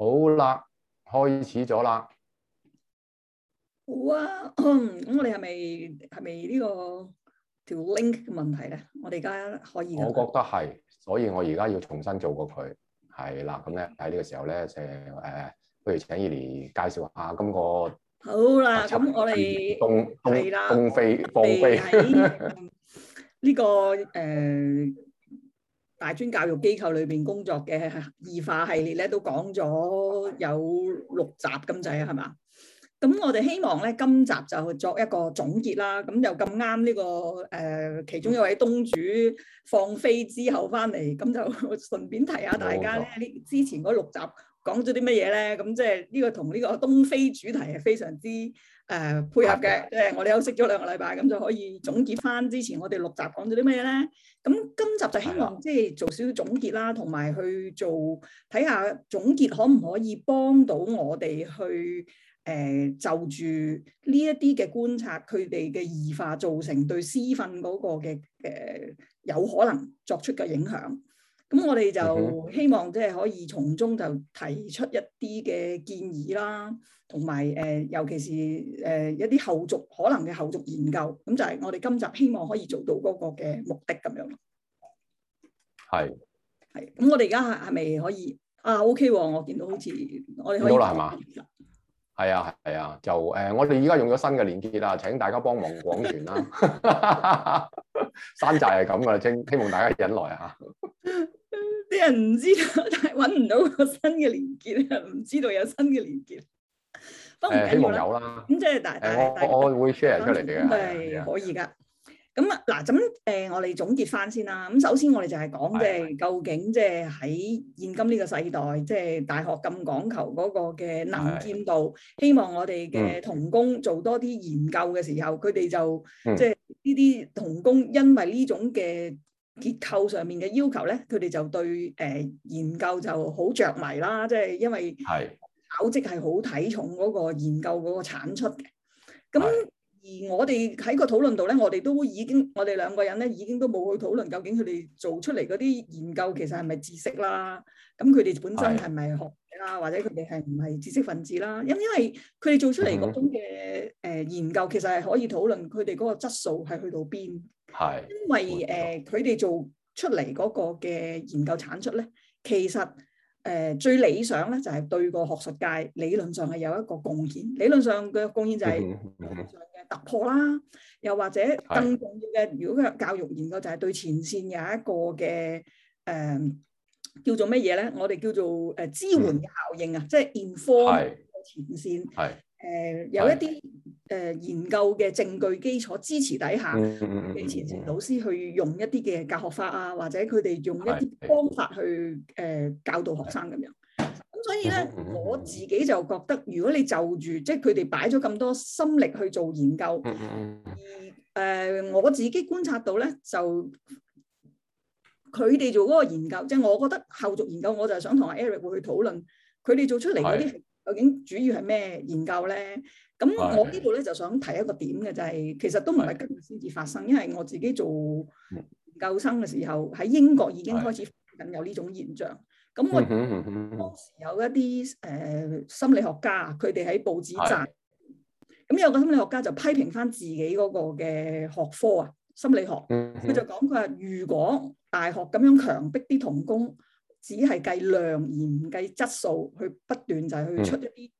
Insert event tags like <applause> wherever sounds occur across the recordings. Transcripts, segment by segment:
好啦，開始咗啦。好啊，咁我哋係咪係咪呢個條 link 嘅問題咧？我哋而家可以。我覺得係，所以我而家要重新做過佢。係啦，咁咧喺呢個時候咧，就誒，不、呃、如請 Eli 介紹下今、這個。好啦了，咁七我哋東啦東的！東飛東飛呢、 <laughs> 這個誒。呃大專教育機構裏邊工作嘅異化系列咧，都講咗有六集咁滯啊，係嘛？咁我哋希望咧，今集就作一個總結啦。咁又咁啱呢個誒、呃，其中一位東主放飛之後翻嚟，咁就順便提下大家咧，呢之前嗰六集講咗啲乜嘢咧？咁即係呢個同呢個東飛主題係非常之。誒、呃、配合嘅，即係我哋休息咗兩個禮拜，咁就可以總結返之前我哋六集講咗啲咩咧。咁今集就希望的即係做少少總結啦，同埋去做睇下總結可唔可以幫到我哋去誒、呃、就住呢一啲嘅觀察，佢哋嘅異化造成對私訓嗰個嘅誒、呃、有可能作出嘅影響。咁我哋就希望即係可以從中就提出一啲嘅建議啦，同埋誒，尤其是誒、呃、一啲後續可能嘅後續研究，咁就係我哋今集希望可以做到嗰個嘅目的咁樣是是是、啊 OK、咯。係係，咁我哋而家係咪可以啊？O K，我見到好似我哋可以啦，係嘛？係啊，係啊，就誒、呃，我哋而家用咗新嘅連結啦，請大家幫忙廣傳啦。 <laughs> 山寨係咁噶啦，請 <laughs> <laughs> 希望大家忍耐下。啲人唔知道，但係搵唔到個新嘅連結咧，唔知道有新嘅連結，都唔緊要啦。咁即係大，大，大。我我會 share 出嚟嘅，係可以噶。咁啊，嗱，咁誒，我哋總結翻先啦。咁首先，我哋就係講即係究竟，即係喺現今呢個世代，即係大學咁講求嗰個嘅能見度。的希望我哋嘅童工做多啲研究嘅時候，佢哋的、嗯、就即係呢啲童工，因為呢種嘅。結構上面嘅要求咧，佢哋就對誒、呃、研究就好着迷啦，即係因為考績係好睇重嗰個研究嗰個產出嘅。咁是而我哋喺個討論度咧，我哋都已經，我哋兩個人咧已經都冇去討論究竟佢哋做出嚟嗰啲研究其實係咪知識啦。咁佢哋本身係咪學者啦，是或者佢哋係唔係知識分子啦？因因為佢哋做出嚟嗰種嘅誒研究，其實係可以討論佢哋嗰個質素係去到邊。係，因為誒佢哋做出嚟嗰個嘅研究產出咧，其實誒、呃、最理想咧就係對個學術界理論上係有一個貢獻，理論上嘅貢獻就係理論上嘅突破啦， <laughs> 又或者更重要嘅，如果教育研究就係對前線有一個嘅誒、呃、叫做乜嘢咧？我哋叫做誒支援嘅效應啊，嗯、即係 inform、嗯、前線。誒、呃、有一啲誒、呃、研究嘅證據基礎支持底下，嗯嗯、以前老師去用一啲嘅教學法啊，或者佢哋用一啲方法去誒、呃、教導學生咁樣，咁所以咧，我自己就覺得，如果你就住即係佢哋擺咗咁多心力去做研究，而誒、呃、我自己觀察到咧，就佢哋做嗰個研究，即、就、係、是、我覺得後續研究，我就係想同阿 Eric 會去討論佢哋做出嚟嗰啲。究竟主要係咩研究咧？咁我呢度咧就想提一個點嘅，就係、是、其實都唔係今日先至發生，的因為我自己做研究生嘅時候，喺英國已經開始緊有呢種現象。咁我當時有一啲誒、呃、心理學家，佢哋喺報紙撰，咁的有個心理學家就批評翻自己嗰個嘅學科啊，心理學。佢的就講佢話，如果大學咁樣強迫啲童工。只係計量而唔計質素，去不斷就係去出一啲誒、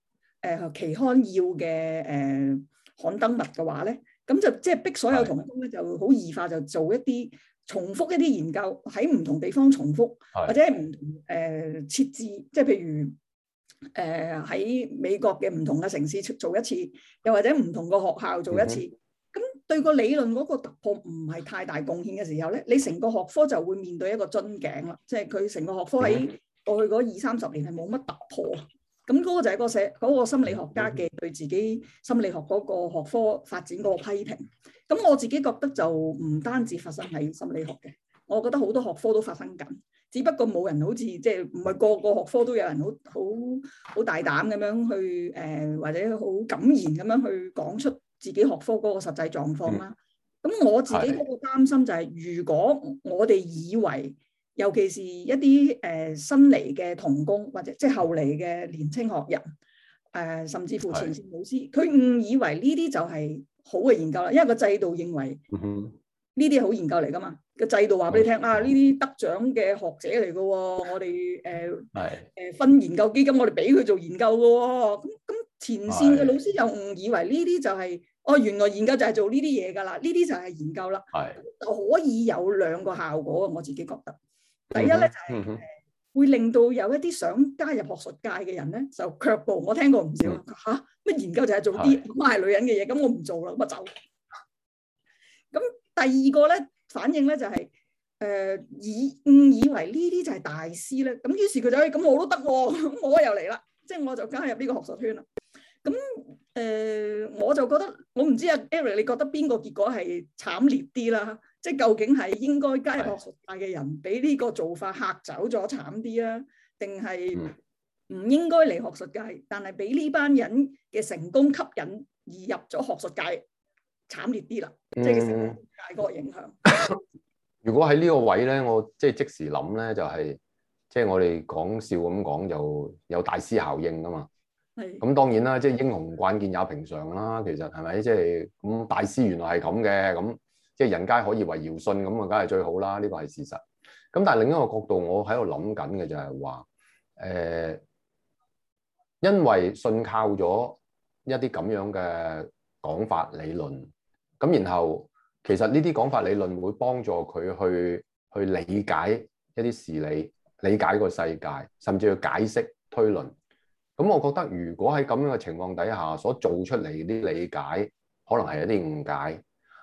嗯呃、期刊要嘅誒刊登物嘅話咧，咁就即係逼所有同事咧就好異化就做一啲重複一啲研究，喺唔同地方重複，是或者唔同誒、呃、設置，即係譬如誒喺、呃、美國嘅唔同嘅城市做做一次，又或者唔同個學校做一次。嗯對個理論嗰個突破唔係太大貢獻嘅時候咧，你成個學科就會面對一個樽頸啦，即係佢成個學科喺過去嗰二三十年係冇乜突破。咁、那、嗰個就係個社、那個心理學家嘅對自己心理學嗰個學科發展嗰個批評。咁我自己覺得就唔單止發生喺心理學嘅，我覺得好多學科都發生緊，只不過冇人好似即係唔係個個學科都有人好好好大膽咁樣去誒、呃、或者好敢言咁樣去講出。自己學科嗰個實際狀況啦，咁、嗯、我自己嗰個擔心就係、是，的如果我哋以為，尤其是一啲誒、呃、新嚟嘅童工或者即係後嚟嘅年青學人誒、呃，甚至乎前線老師，佢誤的以為呢啲就係好嘅研究啦，因為個制度認為呢啲好研究嚟噶嘛，個、嗯、哼制度話俾你聽、嗯、哼啊，呢啲得獎嘅學者嚟噶，我哋誒誒分研究基金，我哋俾佢做研究噶喎。前線嘅老師又誤以為呢啲就係、是、的哦，原來研究就係做呢啲嘢噶啦，呢啲就係研究啦，的可以有兩個效果，我自己覺得，第一咧就係、是、會令到有一啲想加入學術界嘅人咧，就卻步。我聽過唔少嚇乜的、啊、研究就係做啲唔係女人嘅嘢，咁的我唔做啦，咁啊走。咁第二個咧反應咧就係、是、誒、呃、以誤以為呢啲就係大師咧，咁於是佢就話咁我都得，咁我又嚟啦。即係我就加入呢個學術圈啦。咁誒、呃，我就覺得我唔知阿 Eric 你覺得邊個結果係慘烈啲啦？即係究竟係應該加入學術界嘅人，俾呢個做法嚇走咗慘啲啊？定係唔應該嚟學術界，嗯、但係俾呢班人嘅成功吸引而入咗學術界，慘烈啲啦？即係大個影響。嗯、 <laughs> 如果喺呢個位咧，我即係即，即，即時諗咧，就係、是。即係我哋講笑咁講，就有大師效應㗎嘛。係咁的，當然啦，即係英雄關鍵也平常啦。其實係咪即係咁大師原來係咁嘅咁，即係人皆可以為堯舜咁啊，梗係最好啦。呢個係事實。咁但係另一個角度我，我喺度諗緊嘅就係話誒，因為信靠咗一啲咁樣嘅講法理論，咁然後其實呢啲講法理論會幫助佢去去理解一啲事理。理解個世界，甚至去解釋推論。咁、嗯、我覺得，如果喺咁樣嘅情況底下所做出嚟啲理解，可能係一啲誤解，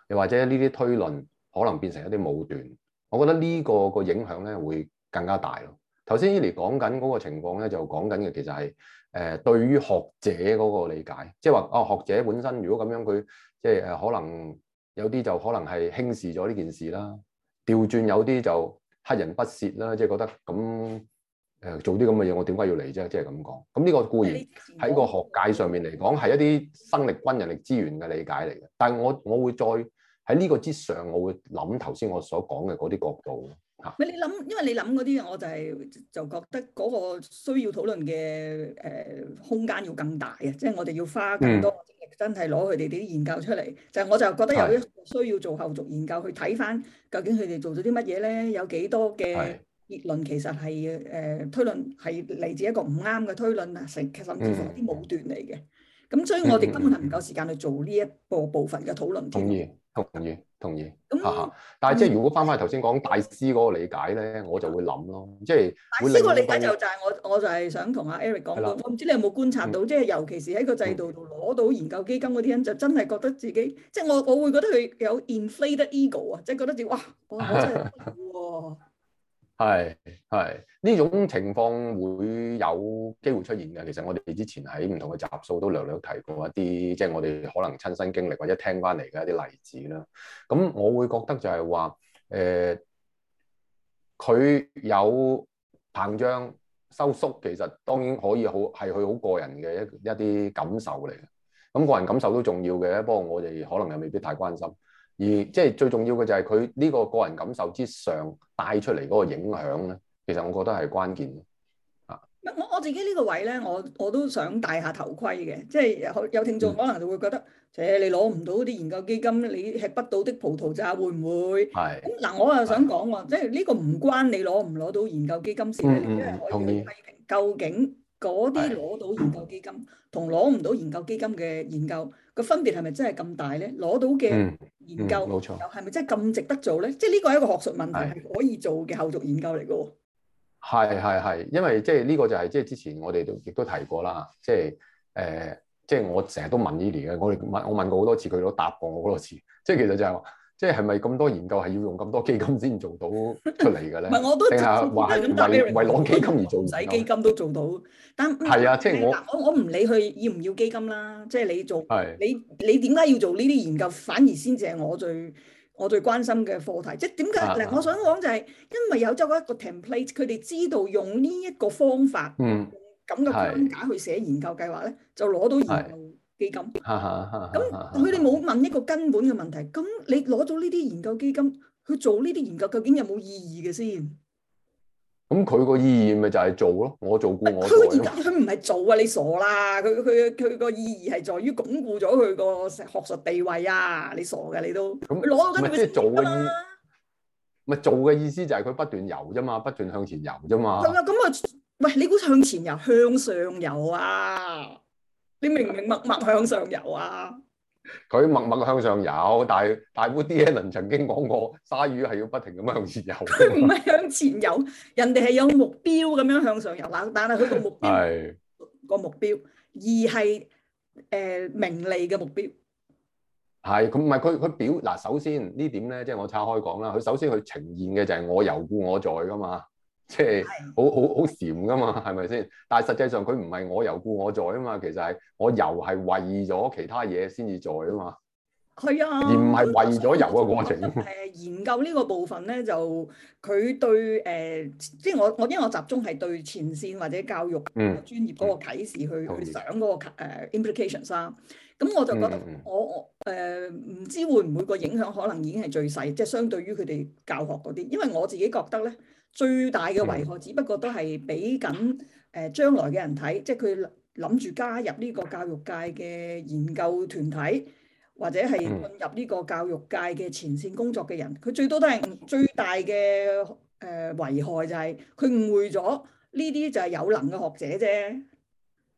又或者呢啲推論可能變成一啲武斷。我覺得呢個個影響咧會更加大咯。頭先嚟講緊嗰個情況咧，就講緊嘅其實係誒、呃、對於學者嗰個理解，即係話啊學者本身如果咁樣佢即係誒可能有啲就可能係輕視咗呢件事啦，調轉有啲就，黑人不屑啦，即係覺得咁誒、嗯呃、做啲咁嘅嘢，我點解要嚟啫？即係咁講。咁、嗯、呢、這個固然喺個學界上面嚟講係一啲生力軍人力資源嘅理解嚟嘅，但係我我會再喺呢個之上，我會諗頭先我所講嘅嗰啲角度嚇。咪你諗，因為你諗嗰啲，我就係、是、就覺得嗰個需要討論嘅誒、呃、空間要更大嘅，即係我哋要花更多。嗯真係攞佢哋啲研究出嚟，就係、我就覺得有啲需要做後續研究去睇翻，究竟佢哋做咗啲乜嘢咧？有幾多嘅結論其實係誒、呃、推論係嚟自一個唔啱嘅推論啊，甚甚至乎一啲武斷嚟嘅。咁所以我哋根本係唔夠時間去做呢一個部分嘅討論添。同意，同意。咁那，但係即係如果翻返頭先講大師嗰個理解咧，我就會諗咯，即係。大師個理解就就係我，我就係想同阿 Eric 講的，我唔知你有冇觀察到，嗯、即係尤其是喺個制度度攞到研究基金嗰啲人，就真係覺得自己，即係我，我會覺得佢有 inflated ego 啊，即係覺得自己，哇！我真係富喎。 <laughs> 係係呢種情況會有機會出現嘅，其實我哋之前喺唔同嘅集數都略略提過一啲，即係我哋可能親身經歷或者聽翻嚟嘅一啲例子啦。咁我會覺得就係話，誒，佢有膨脹收縮，其實當然可以好係佢好個人嘅一一啲感受嚟嘅。咁個人感受都重要嘅，不過我哋可能又未必太關心。而即係最重要嘅就係佢呢個個人感受之上帶出嚟嗰個影響咧，其實我覺得係關鍵啊！我我自己呢個位咧，我我都想戴下頭盔嘅，即係有聽眾可能就會覺得，誒、嗯呃、你攞唔到啲研究基金，你吃不到的葡萄咋？會唔會？係咁嗱，我又想講喎，是即係呢個唔關你攞唔攞到研究基金事，因為是、嗯、我批評究竟嗰啲攞到研究基金同攞唔到研究基金嘅研究。個分別係咪真係咁大咧？攞到嘅研究又係咪真係咁值得做咧？即係呢個係一個學術問題，係係可以做嘅後續研究嚟嘅。係係係，因為即係呢個就係即係之前我哋亦都提過啦。即係誒，即、呃、係、就係、我成日都問 Eli 嘅，我哋問我問過好多次佢都答過我好多次。即係其實就係、係、話。即係咪咁多研究係要用咁多基金先做到出嚟嘅咧？唔係我都話係咁，為攞基金而做唔使基金都做到。係啊，即係我我我唔理佢要唔要基金啦。即係你做你你點解要做呢啲研究，反而先至係我最我最關心嘅課題。即係點解嗱？我想講就係因為有咗一個 template，佢哋知道用呢一個方法，嗯咁嘅框架去寫研究計劃咧，就攞到研究。基金，咁佢哋冇問一個根本嘅問題。咁你攞咗呢啲研究基金去做呢啲研究，究竟有冇意義嘅先？咁佢個意義咪就係做咯？我做固我。佢唔係做啊！你傻啦！佢佢佢個意義係在於鞏固咗佢個學術地位啊！你傻㗎，你都攞咗咪即係做嘅意？咪做嘅意思就係佢不斷游啫嘛，不斷向前游啫嘛。係啦，咁啊，喂，你估向前游，向上游啊？你明唔明默默向上游啊？佢默默向上游，但係大 Woody Allen 曾經講過，鯊魚係要不停咁向前游。佢唔係向前游， <laughs> 人哋係有目標咁樣向上游。但係佢個目標個目標，是而係誒、呃、名利嘅目標。係，咁唔係佢佢表嗱。首先點呢點咧，即、就、係、是、我拆開講啦。佢首先佢呈現嘅就係我由故我在㗎嘛。即係、就是、是好好好僉㗎嘛，係咪先？但係實際上佢唔係我由故我在啊嘛，其實係我由係為咗其他嘢先至在啊嘛。係啊的，而唔係為咗由啊個過程。誒研究呢個部分咧，就佢對誒、呃，即係我我因為我集中係對前線或者教育專業嗰個啟示去、嗯嗯、去想嗰、那個 implications 啊。咁意、呃、我就覺得我誒唔、呃、知會唔會個影響可能已經係最細，即係相對於佢哋教學嗰啲，嗯、因為我自己覺得咧。最大嘅危害，只不過都係俾緊誒將來嘅人睇，即係佢諗住加入呢個教育界嘅研究團體，或者係進入呢個教育界嘅前線工作嘅人，佢最多都係最大嘅誒危害就係佢誤會咗呢啲就係有能嘅學者啫。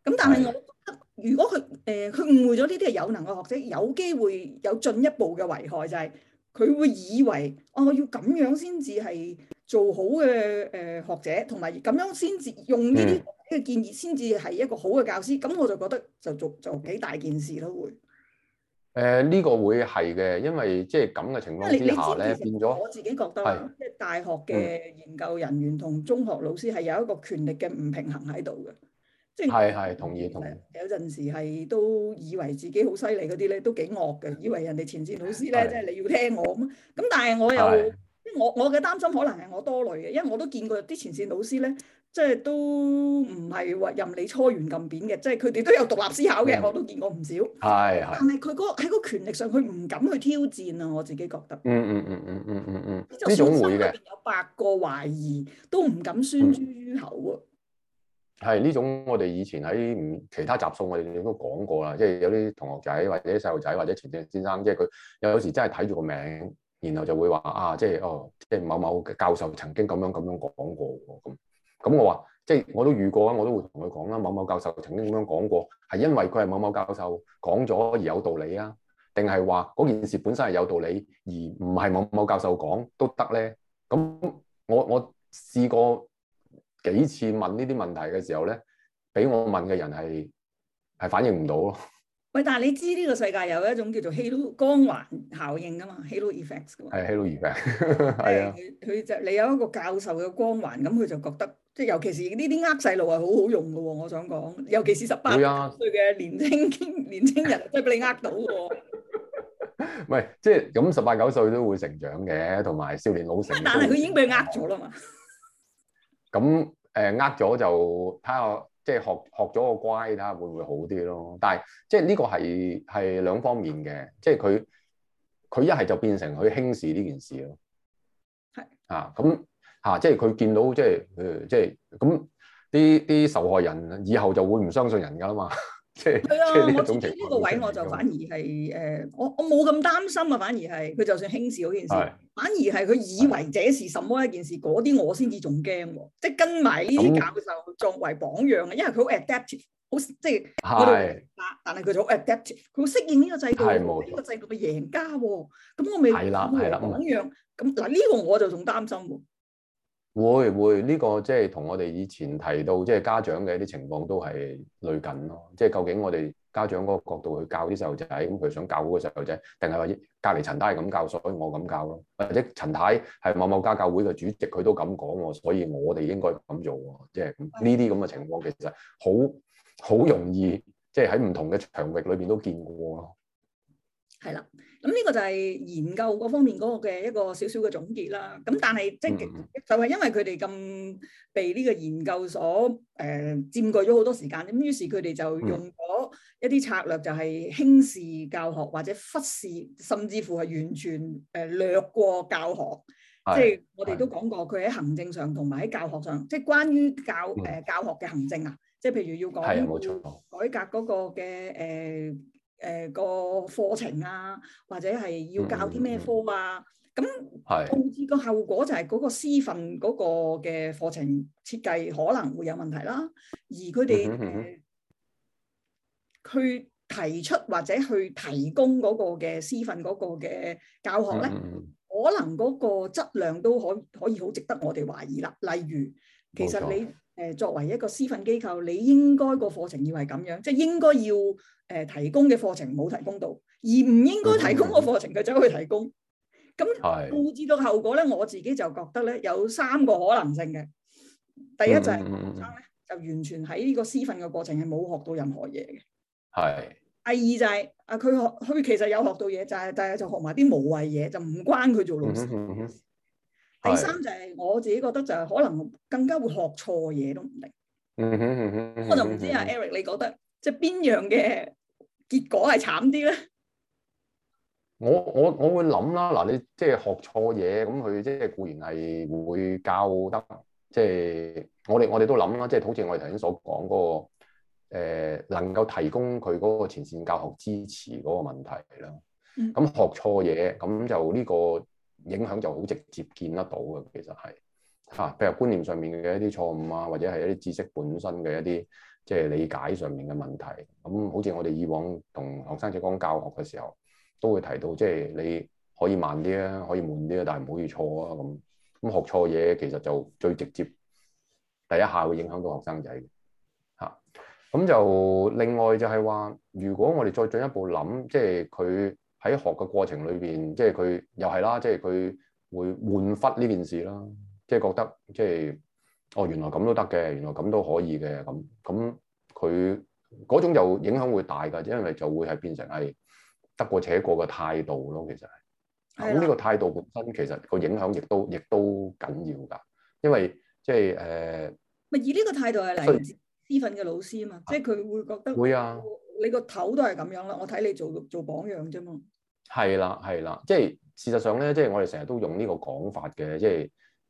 咁但係我覺得，如果佢誒佢誤會咗呢啲係有能嘅學者，有機會有進一步嘅危害就係佢會以為哦，我要咁樣先至係。做好嘅誒學者，同埋咁樣先至用呢啲嘅建議，先至係一個好嘅教師。咁我就覺得就做做幾大件事咯，會。誒呢個會係嘅，因為即係咁嘅情況之下咧，變咗我自己覺得，即係大學嘅研究人員同中學老師係有一個權力嘅唔平衡喺度嘅，即係係係同意同意。有陣時係都以為自己好犀利嗰啲咧，都幾惡嘅，以為人哋前線老師咧，即係你要聽我咁，咁但係我又。我我嘅擔心可能係我多慮嘅，因為我都見過啲前線老師咧，即係都唔係話任你搓圓撳扁嘅，即係佢哋都有獨立思考嘅，mm. 我都見過唔少。係係、mm. 那個。但係佢嗰喺嗰個權力上，佢唔敢去挑戰啊！我自己覺得。嗯嗯嗯嗯嗯嗯嗯。呢種會嘅。有八個懷疑都唔敢宣諸於口喎。係呢種我哋以前喺其他集數我哋都講過啦，即、就、係、是、有啲同學仔或者啲細路仔或者前線先生，即係佢有時真係睇住個名。然後就會話啊，即係哦，即係某某教授曾經咁樣咁樣講過喎，咁咁我話即係我都遇過啊，我都會同佢講啦。某某教授曾經咁樣講過，係因為佢係某某教授講咗而有道理啊，定係話嗰件事本身係有道理而唔係某某教授講都得咧？咁我我試過幾次問呢啲問題嘅時候咧，俾我問嘅人係係反應唔到咯。喂，但係你知呢個世界有一種叫做 halo 光環效應噶嘛？halo effects 噶喎。係 halo effects。係佢就你有一個教授嘅光環，咁佢就覺得，即係尤其是呢啲呃細路係好好用嘅喎、啊。我想講，尤其是十八九歲嘅年輕 <laughs> 年輕人，都俾你呃到喎。唔係，即係咁十八九歲都會成長嘅，同埋少年老成，年成。但係佢已經俾佢呃咗啦嘛。咁 <laughs> 誒，呃咗就睇下。看看即係學學咗個乖，睇下會唔會好啲咯？但係即係呢個係係兩方面嘅，即係佢佢一係就變成佢輕視呢件事咯。係是的 啊，咁、嗯、啊，即係佢見到即係誒，即係咁啲啲受害人以後就會唔相信人㗎啦嘛。係啊，我之呢個位我就反而係，誒、呃，我我冇咁擔心啊，反而係佢就算輕視嗰件事，是的 反而係佢以為這是什麼一件事，嗰啲是的 我先至仲驚喎，即係跟埋呢啲教授作為榜樣啊，因為佢好 adaptive，好即係是嗰的度，但係佢好 adaptive，佢適應呢個制度，呢個制度嘅贏家喎、啊，咁、嗯、我未係啦係啦，榜樣，咁嗱呢個我就仲擔心喎、啊。會會呢、這個即係同我哋以前提到即係、就是、家長嘅一啲情況都係類近咯，即、就、係、是、究竟我哋家長嗰個角度去教啲細路仔，咁佢想教嗰個細路仔，定係話隔籬陳太係咁教，所以我咁教咯，或者陳太係某某家教會嘅主席，佢都咁講喎，所以我哋應該咁做喎，即係呢啲咁嘅情況其實好好容易，即係喺唔同嘅場域裏邊都見過咯，係啦。咁呢個就係研究嗰方面嗰個嘅一個少少嘅總結啦。咁但係即係就係、是、因為佢哋咁被呢個研究所誒、呃、佔據咗好多時間，咁於是佢哋就用咗一啲策略，就係輕視教學或者忽視，甚至乎係完全誒、呃、略過教學。即係的我哋都講過，佢喺的行政上同埋喺教學上，即係關於教誒、呃、教學嘅行政啊，嗯、即係譬如要講改革嗰個嘅誒。呃誒個課程啊，或者係要教啲咩科啊，咁導致個後果就係嗰個師訓嗰個嘅課程設計可能會有問題啦。而佢哋、嗯嗯嗯呃、去提出或者去提供嗰個嘅師訓嗰個嘅教學咧，嗯嗯、可能嗰個質量都可以可以好值得我哋懷疑啦。例如，其實你。誒作為一個師訓機構，你應該個課程要係咁樣，即係應該要誒提供嘅課程冇提供到，而唔應該提供個課程佢走、mm hmm. 去提供，咁導致到後果咧，我自己就覺得咧有三個可能性嘅。第一就係學生咧就完全喺呢個師訓嘅過程係冇學到任何嘢嘅。係、mm。Hmm. 第二就係、是、啊，佢學佢其實有學到嘢，就係就係就學埋啲無謂嘢，就唔、是、關佢做老師。Mm hmm. 第三就係我自己覺得就係可能更加會學錯嘢都唔定， <laughs> 我就唔知啊 Eric，你覺得即係邊樣嘅結果係慘啲咧？我我我會諗啦，嗱，你即係、就是、學錯嘢，咁佢即係固然係會教得，即、就、係、是、我哋我哋都諗啦，即、就、係、是、好似我哋頭先所講嗰個、呃、能夠提供佢嗰個前線教學支持嗰個問題啦。咁 <laughs> 學錯嘢，咁就呢、這個。影響就好直接見得到嘅，其實係嚇，啊，譬如觀念上面嘅一啲錯誤啊，或者係一啲知識本身嘅一啲即係理解上面嘅問題。咁好似我哋以往同學生仔講教學嘅時候，都會提到即係你可以慢啲啊，可以悶啲啊，但係唔可以錯啊咁。咁學錯嘢其實就最直接，第一下會影響到學生仔嘅。咁就另外就係話，如果我哋再進一步諗，即係佢。喺學嘅過程裏邊，即係佢又係啦，即係佢會換忽呢件事啦，即係覺得即係哦，原來咁都得嘅，原來咁都可以嘅咁咁，佢嗰種就影響會大噶，因為就會係變成係、哎、得過且過嘅態度咯。其實係咁，呢的個態度本身其實個影響亦都亦都緊要噶，因為即係誒，咪、呃、以呢個態度嚟私訓嘅老師啊嘛，以啊即係佢會覺得會啊。你個頭都係咁樣啦，我睇你做做榜樣啫嘛。係啦，係啦，即係事實上咧，即係我哋成日都用呢個講法嘅，即係誒、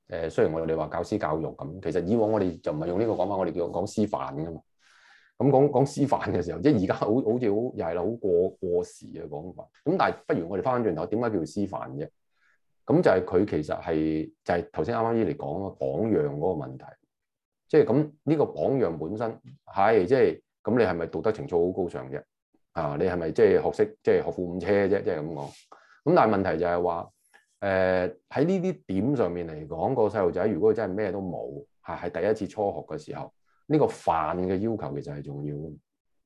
呃。雖然我哋話教師教育咁，其實以往我哋就唔係用呢個講法，我哋叫講師範噶嘛。咁、嗯、講講師範嘅時候，即係而家好好似好又係啦，好過過時嘅講法。咁但係不如我哋翻轉頭，點解叫做師範啫？咁就係佢其實係就係頭先啱啱依嚟講啊，榜樣嗰個問題。即係咁呢個榜樣本身係即係。咁你係咪道德情操好高尚啫？啊，你係咪即係學識即係學富五車啫？即係咁講。咁但係問題就係話，誒喺呢啲點上面嚟講，個細路仔如果真係咩都冇，係係第一次初學嘅時候，呢個範嘅要求其實係重要嘅。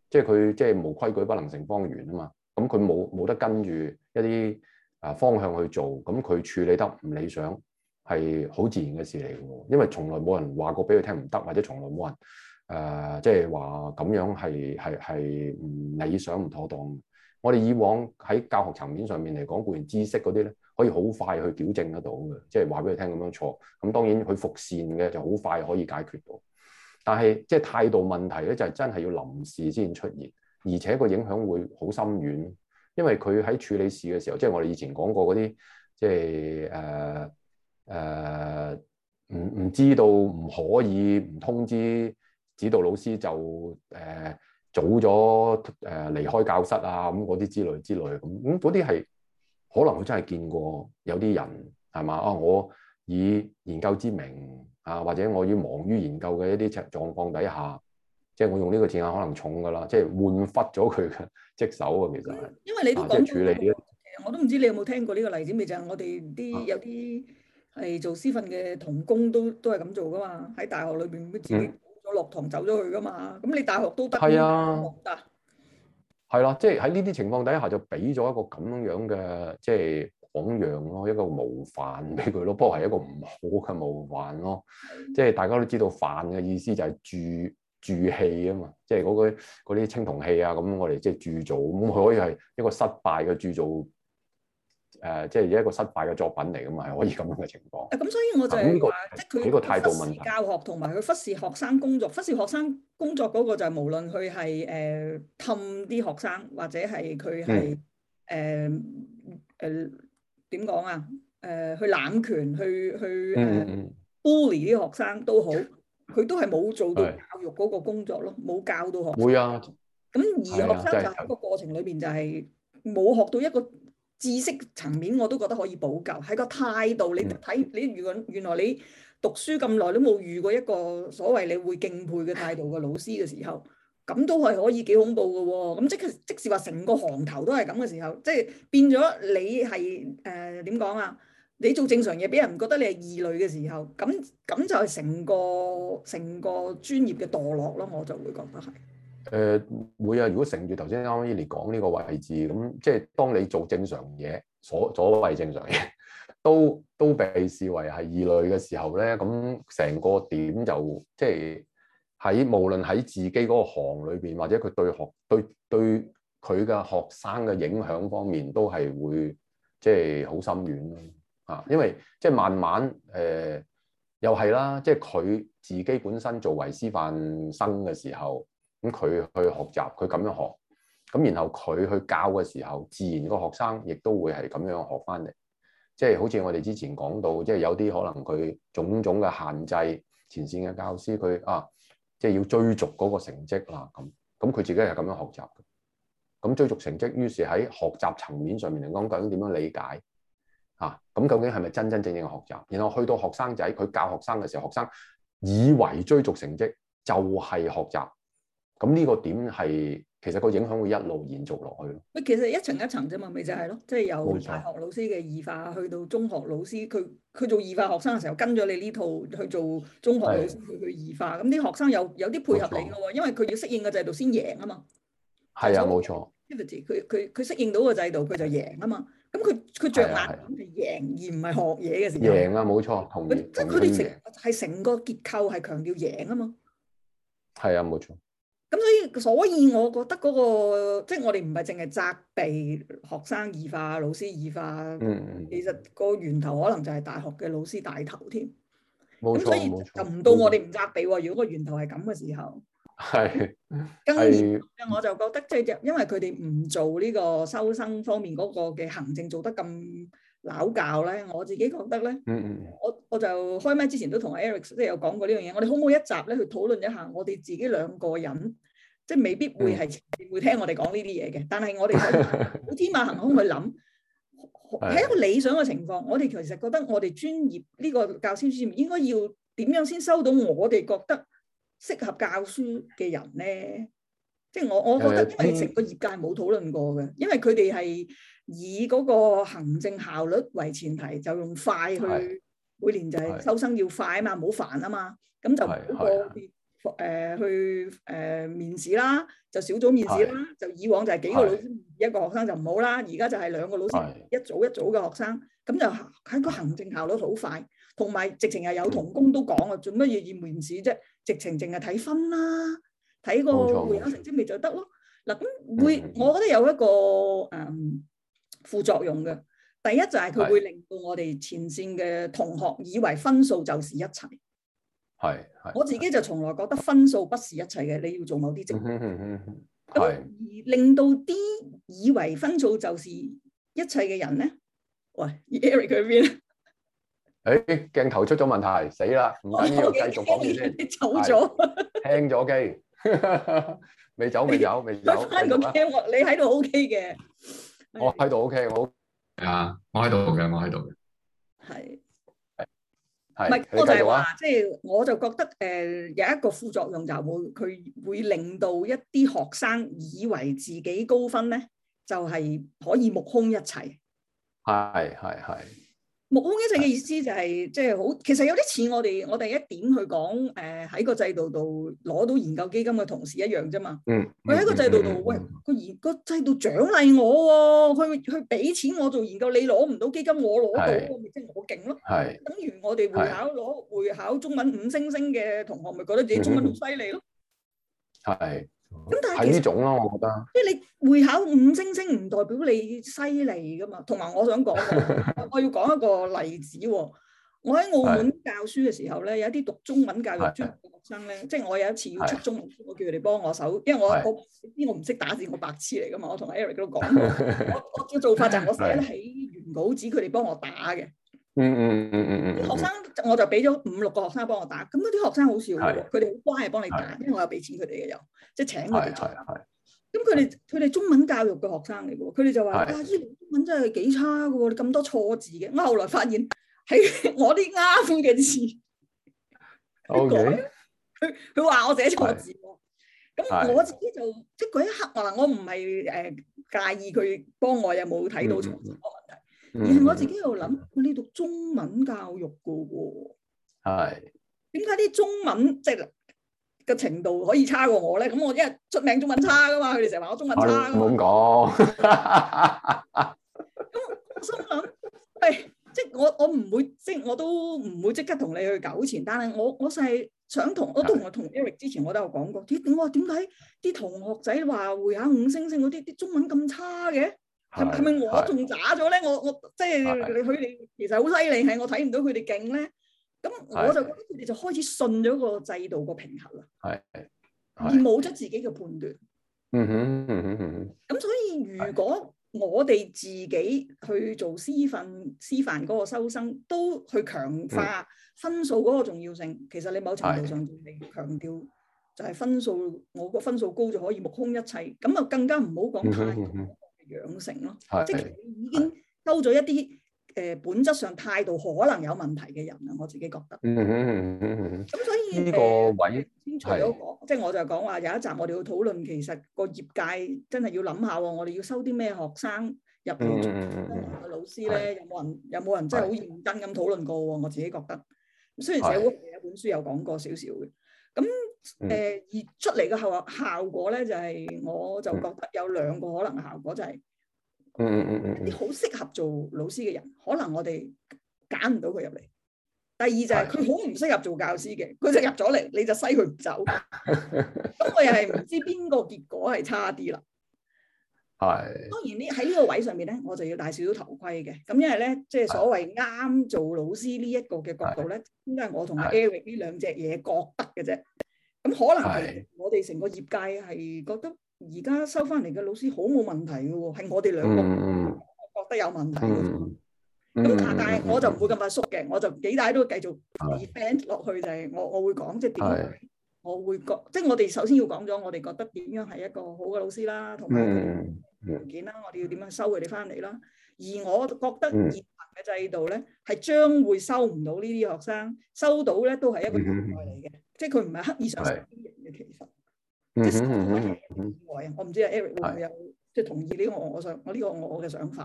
即係佢即係冇規矩不能成方圓啊嘛。咁佢冇冇得跟住一啲啊方向去做，咁佢處理得唔理想係好自然嘅事嚟嘅。因為從來冇人話過俾佢聽唔得，或者從來冇人。誒，即係話咁樣係係係唔理想、唔妥當。我哋以往喺教學層面上面嚟講，固然知識嗰啲咧可以好快去矯正得到嘅，即係話俾佢聽咁樣錯。咁、嗯、當然佢服善嘅就好快可以解決到。但係即係態度問題咧，就係、真係要臨時先出現，而且個影響會好深遠，因為佢喺處理事嘅時候，即、就、係、是、我哋以前講過嗰啲，即係誒誒，唔、呃、唔、呃、知道，唔可以，唔通知。指導老師就誒、呃、早咗誒、呃、離開教室啊，咁嗰啲之類之類咁，咁嗰啲係可能佢真係見過有啲人係嘛，啊，我以研究之名啊，或者我要忙於研究嘅一啲狀況底下，即係我用呢個字眼可能重㗎啦，即係換忽咗佢嘅職守啊，其實因為你都講到、啊就是處理嗯，我都唔知你有冇聽過呢個例子未？就係我哋啲有啲係做私訓嘅童工都都係咁做㗎嘛，喺大學裏邊都自落堂走咗去噶嘛，咁你大學都得，係啊，係啦，即係喺呢啲情況底下就俾咗一個咁樣嘅即係榜樣咯，一個模範俾佢咯。不過係一個唔好嘅模範咯。即係的大家都知道，範嘅意思就係鑄鑄器啊嘛。即係嗰個嗰啲青銅器啊，咁我哋即係鑄造，咁佢可以係一個失敗嘅鑄造。誒、呃，即係一個失敗嘅作品嚟㗎嘛，係可以咁樣嘅情況。咁、啊、所以我就係話，嗯、即係佢忽視教學同埋佢忽視學生工作，忽視學生工作嗰個就係無論佢係誒氹啲學生，或者係佢係誒誒點講啊？誒、呃，去攬權去去誒、嗯 uh, bully 啲學生都好，佢、嗯嗯、都係冇做到教育嗰個工作咯，冇的教到學生。會啊！咁而學生就喺個過程裏邊就係冇學到一個的。嗯嗯知識層面我都覺得可以補救，喺個態度你睇你如果原來你讀書咁耐都冇遇過一個所謂你會敬佩嘅態度嘅老師嘅時候，咁都係可以幾恐怖嘅喎、哦。咁即係即使話成個行頭都係咁嘅時候，即係變咗你係誒點講啊？你做正常嘢俾人覺得你係異類嘅時候，咁咁就係成個成個專業嘅墮落咯，我就會覺得係。誒、呃、會啊！如果乘住頭先啱啱嚟講呢個位置，咁即係當你做正常嘢，所所謂正常嘢都都被視為係異類嘅時候咧，咁成個點就即係喺無論喺自己嗰個行裏邊，或者佢對學對對佢嘅學生嘅影響方面，都係會即係好深遠咯啊！因為即係慢慢誒、呃、又係啦，即係佢自己本身作為師範生嘅時候。咁佢去學習，佢咁樣學，咁然後佢去教嘅時候，自然個學生亦都會係咁樣學翻嚟，即係好似我哋之前講到，即係有啲可能佢種種嘅限制，前線嘅教師佢啊，即係要追逐嗰個成績啦，咁咁佢自己係咁樣學習，咁追逐成績，於是喺學習層面上面嚟講，究竟點樣理解啊？咁究竟係咪真真正正嘅學習？然後去到學生仔，佢教學生嘅時候，學生以為追逐成績就係學習。咁呢個點係其實個影響會一路延續落去咯。喂，其實一層一層啫嘛，咪就係咯，即係由大學老師嘅異化去到中學老師，佢佢做異化學生嘅時候跟咗你呢套去做中學老師去去異化。咁啲學生有有啲配合你嘅喎，因為佢要適應個制度先贏啊嘛。係啊，冇錯。佢佢佢適應到個制度，佢就贏啊嘛。咁佢佢著眼係贏而唔係學嘢嘅時候。贏啊，冇錯，同意。即係佢哋成成個結構係強調贏啊嘛。係啊，冇錯。咁所以，所以我覺得嗰個即係我哋唔係淨係責備學生異化、老師異化。嗯，其實個源頭可能就係大學嘅老師帶頭添。咁冇錯所以就唔到我哋唔責備喎、啊。嗯、如果個源頭係咁嘅時候。係。跟住，我就覺得即係因為佢哋唔做呢個收生方面嗰個嘅行政做得咁。撈教咧，我自己覺得咧，mm hmm. 我我就開麥之前都同 Eric 即係有講過呢樣嘢。我哋好唔好一集咧去討論一下我哋自己兩個人，即係未必會係、mm hmm. 會聽我哋講呢啲嘢嘅。但係我哋好天馬行空去諗，係 <laughs> 一個理想嘅情況。我哋其實覺得我哋專業呢、這個教書師面應該要點樣先收到我哋覺得適合教書嘅人咧？即係我我覺得因為成個業界冇討論過嘅，因為佢哋係。以嗰個行政效率為前提，就用快去是每年就係收生要快啊嘛，冇是煩啊嘛，咁就嗰個誒去誒、呃呃、面試啦，就小組面試啦，是就以往就係幾個老師是一個學生就唔好啦，而家就係兩個老師是一組一組嘅學生，咁就喺個行政效率好快，同埋直情係有同工都講啊，做乜嘢要面試啫？直情淨係睇分啦，睇個會考成績咪就得咯。嗱咁會，我覺得有一個誒，副作用嘅第一就係佢會令到我哋前線嘅同學以為分數就是一切。係係。我自己就從來覺得分數不是一切嘅，你要做某啲嘢。係。而令到啲以為分數就是一切嘅人咧，喂，Eric 喺邊啊？誒、欸，鏡頭出咗問題，死啦！唔緊要，繼 Okay. 續講住先。你走咗。聽咗機，未 <laughs> 走？未走？未走？佢翻嚟個鏡喎，走你喺度 OK 嘅。 <laughs> 我喺度，OK，好，係啊，我喺度嘅，我喺度嘅，係，係，唔係，我，我，我就係話，即係，我就覺得，誒，有一個副作用就係會，佢會令到一啲學生以為自己高分咧，就係可以目空一切。係係係。目空一切嘅意思就係、是、即係好，其實有啲似我哋我哋一點去講，誒、呃、喺個制度度攞到研究基金嘅同事一樣啫嘛嗯。嗯，佢喺個制度度，喂，個研個制度獎勵我喎、哦，佢佢俾錢我做研究，你攞唔到基金，我攞到，咪即係我勁咯。係是，等於我哋會考攞會是考中文五星星嘅同學，咪覺得自己中文好犀利咯。係。咁、嗯、但係呢種咯，我覺得即係你會考五星星唔代表你犀利噶嘛，同埋我想講， <laughs> 我要講一個例子、哦。我喺澳門教書嘅時候咧，有一啲讀中文教育專門學生咧， <laughs> 即係我有一次要出中文 <laughs> <laughs> 我叫佢哋幫我手，因為我我知我唔識打字，我，我，是我是白痴嚟噶嘛，我同 Eric 都講， <laughs> <laughs> <laughs> 我我嘅做法就係我寫喺原稿紙，佢哋幫我打嘅。嗯嗯嗯嗯嗯，學生。我就俾咗五六個學生幫我打，咁嗰啲學生好少喎，佢哋好乖係幫你打，因為我有俾錢佢哋嘅又，即係請佢哋。係咁佢哋佢哋中文教育嘅學生嚟嘅喎，佢哋就話：哇！依啲中文真係幾差嘅，你咁多錯字嘅。我後來發現喺我啲啱嘅字，你改佢佢話我寫錯字喎，咁我自己就即係嗰一刻話，我唔係誒介意佢幫我有冇睇到錯字。而我自己又諗，呢度中文教育嘅喎，係點解啲中文即係個程度可以差過我咧？咁我因為出名中文差噶嘛，佢哋成日話我中文差啊，唔好咁講。咁我心諗，係即係我我唔會即我都唔會即刻同你去糾纏，但係我我係想同我同我同 Eric 之前我都有講過，點我點解啲同學仔話會考五星星嗰啲啲中文咁差嘅？係咪我仲渣咗咧？我我即係佢哋，是是其實好犀利，係我睇唔到佢哋勁咧。咁我就覺得佢哋就開始信咗個制度個平衡啦，是是而冇咗自己嘅判斷。嗯哼咁、嗯嗯、所以如果是是我哋自己去做師訓、師範嗰個收生，都去強化分數嗰個重要性，嗯嗯嗯、其實你某程度上嚟強調就係分數，我個分數高就可以目空一切。咁啊，更加唔好講太。養成咯，即係你已經收咗一啲誒，本質上態度可能有問題嘅人啦。我自己覺得，嗯嗯嗯嗯咁所以呢個位先除咗，即係我就講話有一集我哋要討論，其實個業界真係要諗下喎，我哋要收啲咩學生入去做嘅老師咧？有冇人有冇人真係好認真咁討論過喎？我自己覺得，雖然社會有一本書有講過少少嘅咁。誒，而出嚟嘅效效果咧，就係我就覺得有兩個可能嘅效果，就係嗯嗯嗯啲好適合做老師嘅人，可能我哋揀唔到佢入嚟。第二就係佢好唔適合做教師嘅，佢就入咗嚟，你就西佢唔走。咁我又係唔知邊個結果係差啲啦。係當然呢喺呢個位上面咧，我就要戴少少頭盔嘅。咁因為咧，即係所謂啱做老師呢一個嘅角度咧，應該係我同阿 Eric 呢兩隻嘢覺得嘅啫。咁可能係我哋成個業界係覺得而家收翻嚟嘅老師好冇問題嘅喎，係我哋兩個覺得有問題。咁但係我就唔會咁快縮嘅，我就幾大都繼續 depend 落去、mm hmm. 就係我我會講即係點，我會講、mm hmm. 即係我哋首先要講咗，我哋覺得點樣係一個好嘅老師啦，同埋條件啦，mm hmm. 我哋要點樣收佢哋翻嚟啦。而我覺得現行嘅制度咧，係將會收唔到呢啲學生，收到咧都係一個意外嚟嘅，嗯、哼即係佢唔係刻意想吸引嘅，是其實即係都係一個意外啊！我唔知啊，Eric 會唔會有即係是同意你我我想我呢個我我嘅想法？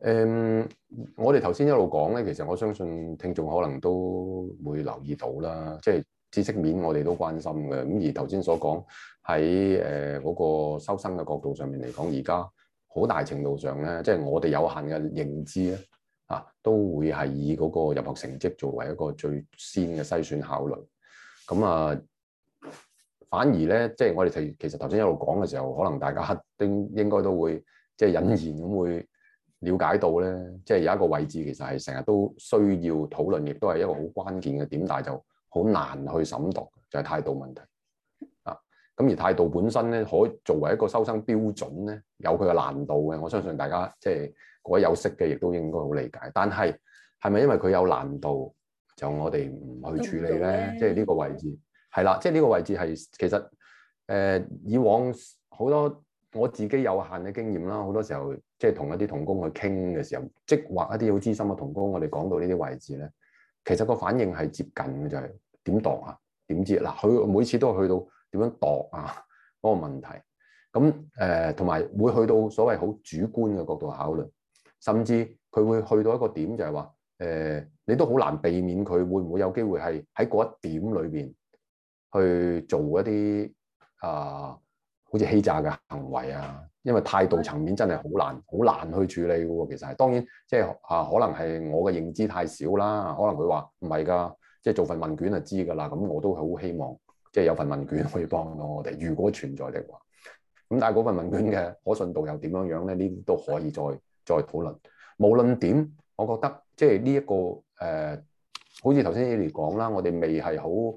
誒、嗯，我哋頭先一路講咧，其實我相信聽眾可能都會留意到啦，即係知識面我哋都關心嘅。咁而頭先所講喺誒嗰個收生嘅角度上面嚟講，而家。好大程度上咧，即係我哋有限嘅認知咧，啊，都會係以嗰個入學成績作為一個最先嘅篩選考慮，咁啊，反而咧，即係我哋提其實頭先一路講嘅時候，可能大家都應應該都會即係隱然咁會了解到咧，即係有一個位置其實係成日都需要討論，亦都係一個好關鍵嘅點，但係就好難去審讀，就係態度問題。咁而態度本身咧，可作為一個收生標準咧，有佢嘅難度嘅。我相信大家即係各位有識嘅，亦都應該好理解。但係係咪因為佢有難度，就我哋唔去處理咧？即係呢個位置係啦，即係呢個位置係其實誒、呃、以往好多我自己有限嘅經驗啦，好多時候即係同一啲同工去傾嘅時候，即或一啲好資深嘅同工，我哋講到呢啲位置咧，其實個反應係接近嘅就係點度啊？點知嗱？佢每次都去到。點樣度啊？嗰、那個問題，咁誒同埋會去到所謂好主觀嘅角度考慮，甚至佢會去到一個點就，就係話誒，你都好難避免佢會唔會有機會係喺嗰一點裏邊去做一啲啊、呃，好似欺詐嘅行為啊，因為態度層面真係好難，好難去處理嘅喎、啊。其實，當然即係、就是、啊，可能係我嘅認知太少啦。可能佢話唔係㗎，即係、就是、做份問卷就知㗎啦。咁我都好希望。即係有份問卷可以幫到我哋，如果存在的話，咁但係嗰份問卷嘅可信度又點樣樣咧？呢啲都可以再再討論。無論點，我覺得即係呢一個誒、呃，好似頭先你嚟講啦，我哋未係好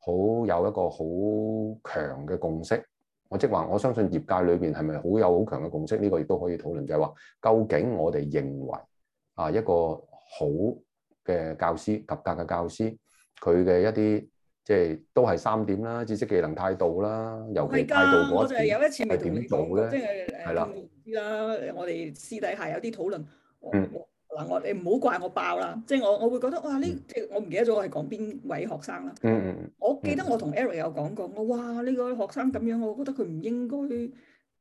好有一個好強嘅共識。我即係話，我相信業界裏邊係咪好有好強嘅共識？呢、這個亦都可以討論，就係、是、話究竟我哋認為啊一個好嘅教師、及格嘅教師，佢嘅一啲。即係都係三點啦，知識、技能、態度啦。尤其態度我就有一點係點做咧？係啦是，我哋私底下有啲討論。嗱，我，我你唔好怪我爆啦，嗯、即係我我會覺得哇，呢即係我唔記得咗我係講邊位學生啦、嗯。嗯嗯我記得我同 Eric 有講過，我哇呢個學生咁樣，我覺得佢唔應該。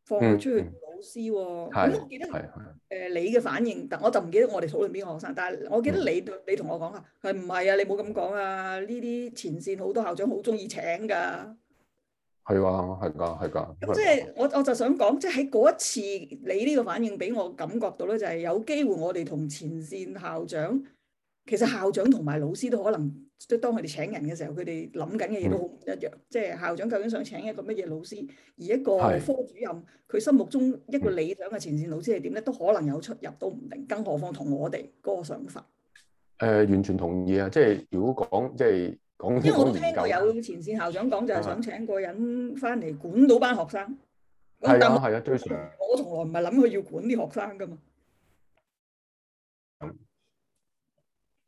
放佢出去，老師喎、哦。咁的我記得誒你嘅反應，但的我就唔記得我哋討論邊個學生。但係我記得你對、嗯、你同我講啊，佢唔係啊，你冇咁講啊。呢啲前線好多校長好中意請㗎。係啊，係㗎，係㗎。咁即係我我就想講，即係喺嗰一次你呢個反應俾我感覺到咧，就係、是、有機會我哋同前線校長，其實校長同埋老師都可能。即係當佢哋請人嘅時候，佢哋諗緊嘅嘢都好唔一樣。即係校長究竟想請一個乜嘢老師，而一個科主任佢心目中一個理想嘅前線老師係點咧，都可能有出入都唔定。更何況同我哋嗰個想法。誒，完全同意啊！即係如果講即係講，因為我都聽過有前線校長講，就係想請個人翻嚟管到班學生。係啊，係啊，最常。我從來唔係諗佢要管啲學生噶嘛。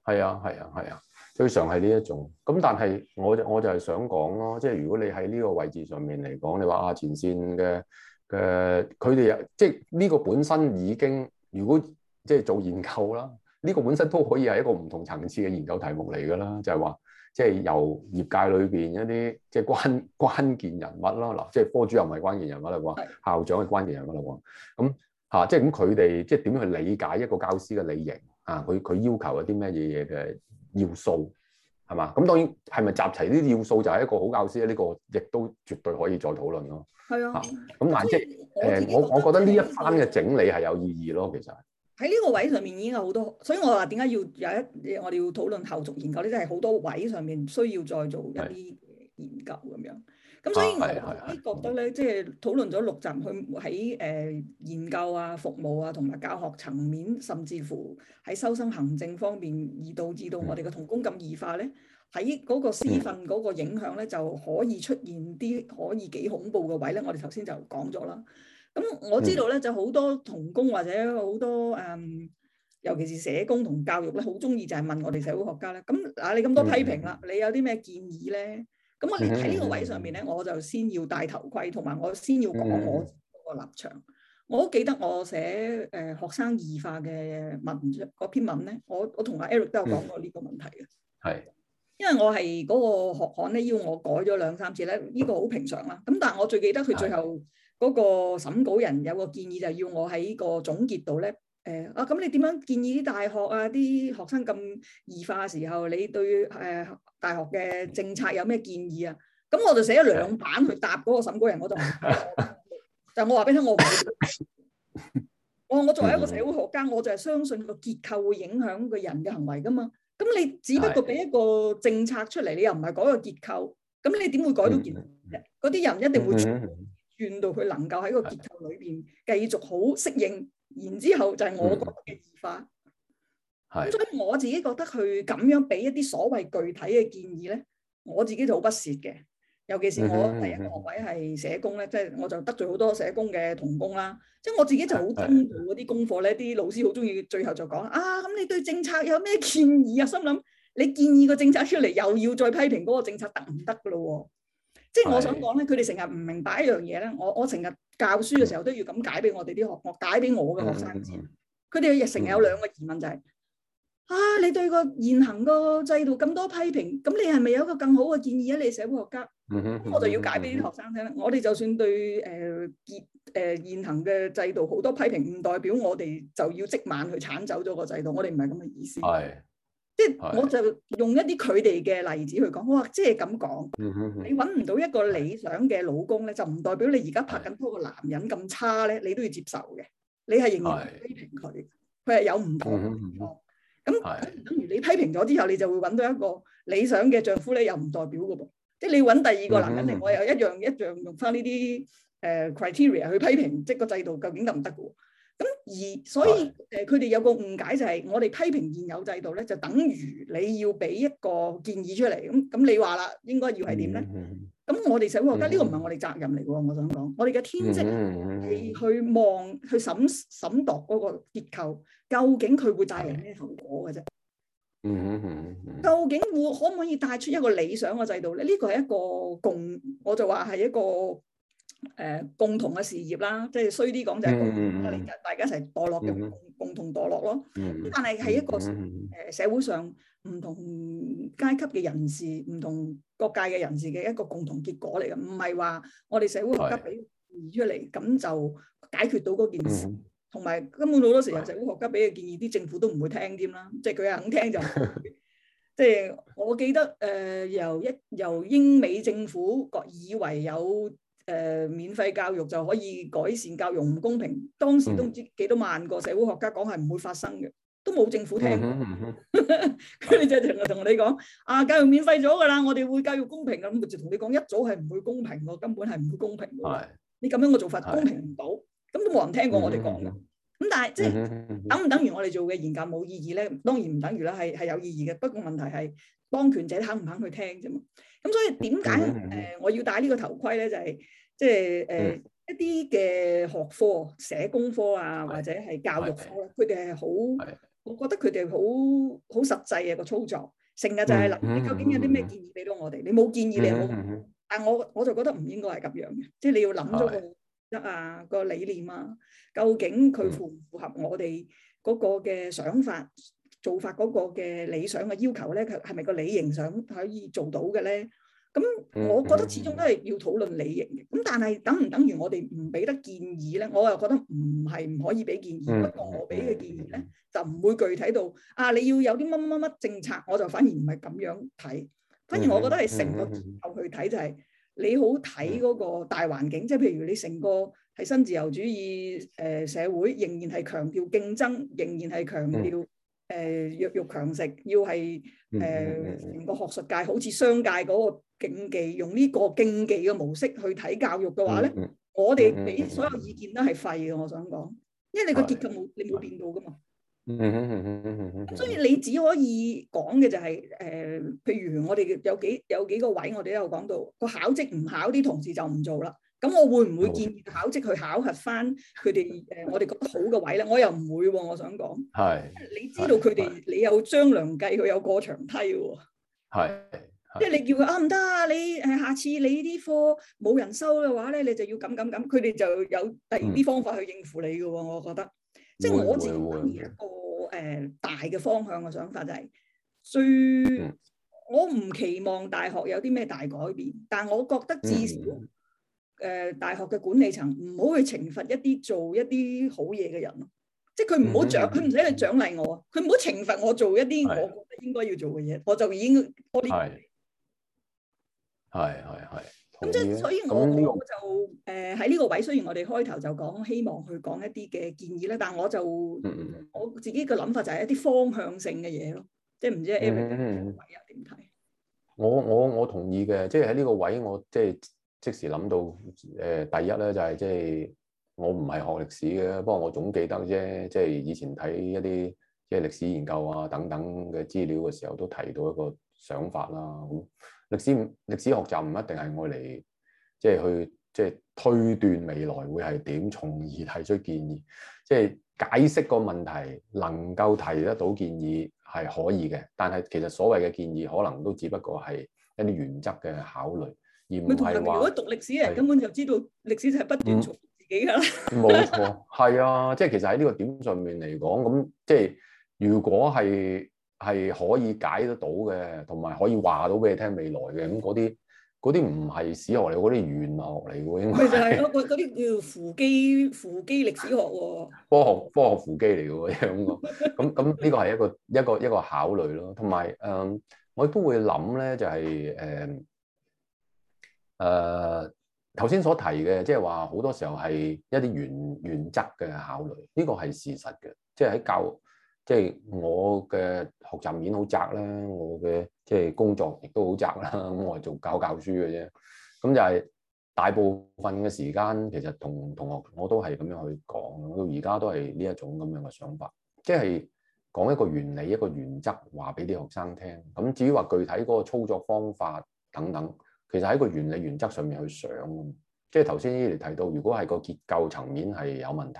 係啊，係啊，係啊。最常係呢一種咁，但係我我就係想講咯，即係如果你喺呢個位置上面嚟講，你話啊，前線嘅嘅佢哋，即係呢個本身已經，如果即係做研究啦，呢、這個本身都可以係一個唔同層次嘅研究題目嚟㗎啦，就係、是、話即係由業界裏邊一啲即係關關鍵人物咯，嗱，即係科主任係關鍵人物啦，的校長係關鍵人物啦，咁、嗯、嚇、啊，即係咁佢哋即係點去理解一個教師嘅理型啊？佢佢要求有啲咩嘢嘢嘅？要素係嘛？咁當然係咪集齊啲要素就係一個好教師咧？呢個亦都絕對可以再討論咯。係啊，咁但即係我我覺得呢一班嘅整理係有意義咯。其實喺呢個位上面已經有好多，所以我話點解要有一我哋要討論後續研究，呢啲係好多位上面需要再做一啲研究咁樣。咁、啊、所以我覺得咧，啊、即係是討論咗六集，佢喺誒研究啊、服務啊、同埋教學層面，甚至乎喺收生行政方面，而導致到我哋嘅同工咁異化咧，喺嗰、嗯、個私憲嗰個影響咧，嗯、就可以出現啲可以幾恐怖嘅位咧。我哋頭先就講咗啦。咁我知道咧，嗯、就好多同工或者好多誒、嗯，尤其是社工同教育咧，好中意就係問我哋社會學家咧。咁嗱，你咁多批評啦，你有啲咩建議咧？嗯咁我哋喺呢個位上面咧，我就先要戴頭盔，同埋我先要講我個立場。嗯、我好記得我寫誒、呃、學生異化嘅文篇文咧，我我同阿 Eric 都有講過呢個問題嘅。係、嗯，因為我係嗰個學刊咧，要我改咗兩三次咧，呢、這個好平常啦。咁但係我最記得佢最後嗰個審稿人有個建議，就係要我喺個總結度咧。誒啊！咁、哎、你點樣建議啲大學啊？啲學生咁異化嘅時候，你對誒大學嘅政策有咩建議啊？咁我就寫咗兩版去答嗰個審稿人嗰度，但我話俾你聽，我 <laughs> 我我，我，我作為一個社會學家，我就係相信個結構會影響個人嘅行為噶嘛。咁你只不過俾一個政策出嚟，你又唔係改個結構，咁你點會改到結構？嗰啲 <laughs> 人一定會轉到佢能夠喺個結構裏邊繼續好適應。然之後就係我覺得嘅異化，咁、嗯、所以我自己覺得佢咁樣俾一啲所謂具體嘅建議咧，我自己就好不屑嘅。尤其是我第一個位係社工咧，嗯、即係我就得罪好多社工嘅同工啦。即係我自己就好、嗯、憎做嗰啲功課咧，啲老師好中意最後就講啊，咁你對政策有咩建議啊？心諗你建議個政策出嚟，又要再批評嗰個政策得唔得嘅咯？即係我想講咧，佢哋成日唔明白一樣嘢咧，我我成日。教書嘅時候都要咁解俾我哋啲學，解我解俾我嘅學生知。佢哋亦成日有兩個疑問就係：啊，你對個現行個制度咁多批評，咁你係咪有一個更好嘅建議啊？你社會學家，咁我就要解俾啲學生聽。我哋就算對誒現誒現行嘅制度好多批評，唔代表我哋就要即晚去鏟走咗個制度。我哋唔係咁嘅意思。即係我就用一啲佢哋嘅例子去講，我即係咁講，你揾唔到一個理想嘅老公咧，就唔代表你而家拍緊拖個男人咁差咧，你都要接受嘅。你係認為批評佢，佢係的有唔同。咁的，等如你批評咗之後，你就會揾到一個理想嘅丈夫咧，又唔代表噶噃。即係你揾第二個男人，的我又一樣一樣用翻呢啲誒 criteria 去批評，即係個制度究竟得唔得嘅？咁、嗯、而所以，誒佢哋有個誤解就係，我哋批評現有制度咧，就等於你要俾一個建議出嚟。咁咁你話啦，應該要係點咧？咁、嗯嗯、我哋想覺得呢、嗯、個唔係我哋責任嚟嘅，我想講，我哋嘅天職係、嗯嗯嗯、去望、去審審，審度嗰個結構，究竟佢會帶嚟咩效果嘅啫、嗯？嗯，嗯，嗯究竟會可唔可以帶出一個理想嘅制度咧？呢、這個係一個共，我就話係一個。誒、呃，共同嘅事業啦，即係衰啲講就係共、嗯、大家一齊墮落嘅、嗯、共同墮落咯。但係喺一個誒社會上唔同階級嘅人士、唔、嗯嗯、同各界嘅人士嘅一個共同結果嚟嘅，唔係話我哋社會學家俾出嚟咁是就解決到嗰件事，同埋、嗯、根本好多時候，社會學家俾嘅建議啲政府都唔會聽添啦。即係佢肯聽就， <laughs> <laughs> 即係我記得誒、呃、由一由英美政府覺以為有。誒、呃，免費教育就可以改善教育唔公平。當時都唔知幾多萬個社會學家講係唔會發生嘅，都冇政府聽。佢 <laughs> 哋就成日同你講，啊，教育免費咗㗎啦，我哋會教育公平咁。就同你講一早係唔會公平喎，根本係唔會公平的你咁樣嘅做法公平唔到，咁的都冇人聽過我哋講嘅。咁的但係即係等唔等於我哋做嘅研究冇意義咧？當然唔等於啦，係係有意義嘅。不過問題係。當權者肯唔肯去聽啫嘛？咁所以點解誒我要戴呢個頭盔咧？就係即係誒一啲嘅學科、社工科啊，或者係教育科，佢哋係好， <noise> <noise> 我覺得佢哋好好實際嘅啊、個操作，成日就係嗱，你究竟有啲咩建議俾到我哋？ <noise> 你冇建議你冇，但我我就覺得唔應該係咁樣嘅，即係你要諗咗嗰個一 <noise> <noise> <noise> 啊、嗰個理念啊，究竟佢符唔符合我哋嗰個嘅想法？做法嗰個嘅理想嘅要求咧，佢係咪個理型想可以做到嘅咧？咁我覺得始終都係要討論理型嘅。咁但係等唔等於我哋唔俾得建議咧？我又覺得唔係唔可以俾建議。不過我俾嘅建議咧，就唔會具體到啊！你要有啲乜乜乜政策，我就反而唔係咁樣睇。反而我覺得係成個結構去睇、就係，就係你好睇嗰個大環境，即係譬如你成個係新自由主義誒社會，仍然係強調競爭，仍然係強調。誒、呃、弱肉強食，要係誒成個學術界好似商界嗰個競技，用呢個競技嘅模式去睇教育嘅話咧， <laughs> 我哋俾所有意見都係廢嘅。我想講，因為你個結構冇你冇變到噶嘛。嗯嗯嗯嗯嗯嗯。咁所以你只可以講嘅就係、是、誒，譬、呃、如我哋有幾有幾個位我，我哋都有講到個考績唔考，啲同事就唔做啦。咁、嗯、我會唔會建議考職去考核翻佢哋？誒會、呃，我哋覺得好嘅位咧，我又唔會喎、啊。我想講，係是你知道佢哋，是你有張良計，佢有過牆梯喎。即係你叫佢啊唔得啊！你誒、啊、下次你啲課冇人收嘅話咧，你就要咁咁咁。佢哋就有第二啲方法去應付你嘅喎、啊。嗯、我覺得，即係會我自己一個誒大嘅方向嘅想法就係、是，最我唔期望大學有啲咩大改變，但係我覺得至少、嗯。誒、呃，大學嘅管理層唔好去懲罰一啲做一啲好嘢嘅人咯，即係佢唔好獎，佢唔使去獎勵我，佢唔好懲罰我做一啲我覺得應該要做嘅嘢，的我就已經的我哋係係係。咁的即係，意所以我我就誒喺呢個位，雖然我哋開頭就講希望去講一啲嘅建議啦，但係我就嗯嗯我自己嘅諗法就係一啲方向性嘅嘢咯，即係唔知阿 Eric 又點睇？我我我同意嘅，即係喺呢個位我即係。即時諗到，誒、呃，第一咧就係即係我唔係學歷史嘅，不過我總記得啫。即係以前睇一啲即係歷史研究啊等等嘅資料嘅時候，都提到一個想法啦。咁歷史歷史學習唔一定係愛嚟，即係去即係推斷未來會係點，從而提出建議。即係解釋個問題，能夠提得到建議係可以嘅，但係其實所謂嘅建議可能都只不過係一啲原則嘅考慮。同埋，如果讀歷史嘅人是根本就知道歷史就係不斷重複自己噶啦。冇錯，嗯，係 <laughs> 啊，即係其實喺呢個點上面嚟講，咁即係如果係係可以解得到嘅，同埋可以話到俾你聽未來嘅，咁嗰啲嗰啲唔係史學嚟，嗰啲玄學嚟嘅，應該咪就係嗰啲叫做扶基扶基歷史學喎，啊。科學科學扶基嚟嘅喎，咁 <laughs> 個咁呢個係一個一個一個考慮咯。同埋誒，我都會諗咧，就是，就係、是、誒。嗯誒，頭先、呃、所提嘅，即係話好多時候係一啲原原則嘅考慮，呢個係事實嘅。即係喺教，即係我嘅學習面好窄啦，我嘅即係工作亦都好窄啦。咁 <laughs> 我係做教教書嘅啫。咁就係大部分嘅時間，其實同同學我都係咁樣去講，到而家都係呢一種咁樣嘅想法。即係講一個原理、一個原則，話俾啲學生聽。咁至於話具體嗰個操作方法等等。其實喺個原理原則上面去想，即係頭先你提到，如果係個結構層面係有問題，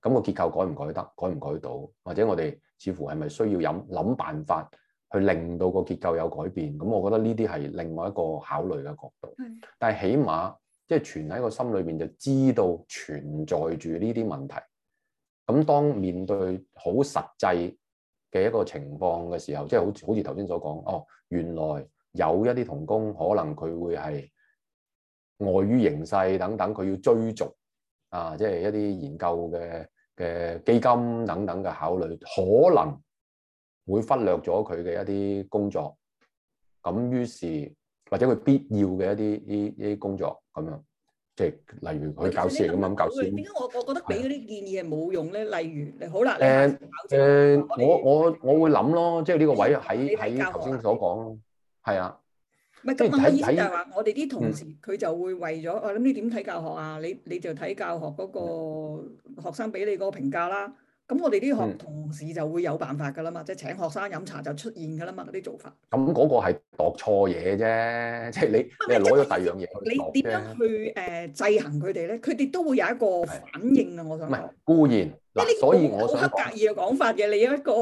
咁個結構改唔改得，改唔改到，或者我哋似乎係咪需要諗諗辦法去令到個結構有改變？咁我覺得呢啲係另外一個考慮嘅角度。但係起碼即係存喺個心裏面就知道存在住呢啲問題。咁當面對好實際嘅一個情況嘅時候，即係好似好似頭先所講，哦，原來。有一啲同工可能佢會係礙於形勢等等，佢要追逐啊，即係一啲研究嘅嘅基金等等嘅考慮，可能會忽略咗佢嘅一啲工作。咁於是或者佢必要嘅一啲依依工作咁樣，即係例如佢教書咁樣教書。點解我我覺得俾嗰啲建議係冇用咧？例如你好啦，誒誒、嗯嗯，我我我會諗咯，即係呢個位喺喺頭先所講係啊，唔係咁我意思就係話，我哋啲同事佢就會為咗我諗你點睇教學啊？你你就睇教學嗰個學生俾你嗰個評價啦。咁我哋啲學同事就會有辦法噶啦嘛，嗯、即係請學生飲茶就出現噶啦嘛，嗰啲做法。咁嗰、嗯嗯嗰個係度錯嘢啫，即係你你攞咗第二樣嘢 <laughs> 你點樣去誒、嗯呃、制衡佢哋咧？佢哋都會有一個反應啊！我想唔係、嗯、固然。所以我想好黑格義嘅講法嘅，你一個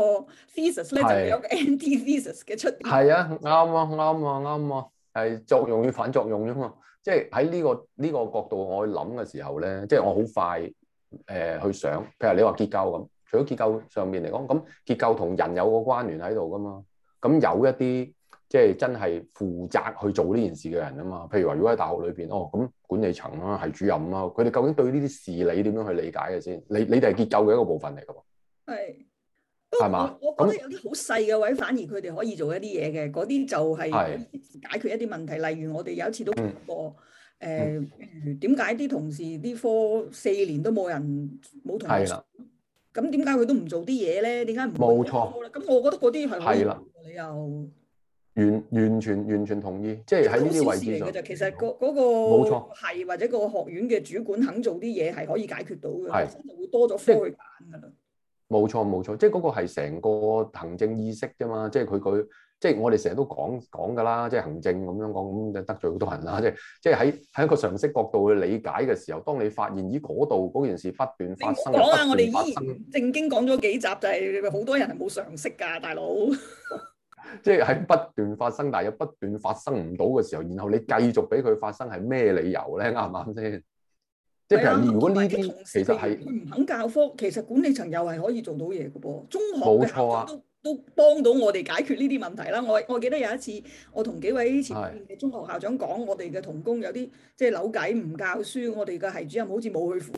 thesis 咧是就會有個 anti thesis 嘅出點。係啊，啱啊，啱啊，啱啊，係作用與反作用啫嘛。即係喺呢個呢、這個角度我去諗嘅時候咧，即、就、係、是、我好快誒、呃、去想。譬如你話結構咁，除咗結構上面嚟講，咁結構同人有個關聯喺度噶嘛。咁有一啲。即係真係負責去做呢件事嘅人啊嘛，譬如話，如果喺大學裏邊，哦咁管理層啊、係主任啊，佢哋究竟對呢啲事理點樣去理解嘅先？你你哋係結構嘅一個部分嚟㗎喎，係，係嘛？我覺得有啲好細嘅位，反而佢哋可以做一啲嘢嘅，嗰啲就係解決一啲問題。是例如我哋有一次都講過，誒、嗯，點解啲同事啲科四年都冇人冇同事，咁點解佢都唔做啲嘢咧？點解唔做？冇錯。咁我覺得嗰啲係好有理由。完完全完全同意，即係喺呢啲位置上，其實、嗰個嗰個係或者個學院嘅主管肯做啲嘢係可以解決到嘅，咁就是會多咗科揀噶啦。冇錯冇錯，即係嗰個係成個行政意識啫嘛，即係佢佢，即係我哋成日都講講噶啦，即係行政咁樣講咁就得罪好多人啦，即係即係喺喺一個常識角度去理解嘅時候，當你發現以嗰度嗰件事不斷發生，你講啊，我哋依然正經講咗幾集，就係、是、好多人係冇常識噶，大佬。即係喺不斷發生，但係又不斷發生唔到嘅時候，然後你繼續俾佢發生係咩理由咧？啱唔啱先？啊、即係譬如，如果呢啲其實係佢唔肯教科，其實管理層又係可以做到嘢嘅噃。中學嘅校董都、冇錯、啊、都幫到我哋解決呢啲問題啦。我我記得有一次，我同幾位前面嘅中學校長講，是我哋嘅同工有啲即係扭計唔教書，我哋嘅係主任好似冇去扶。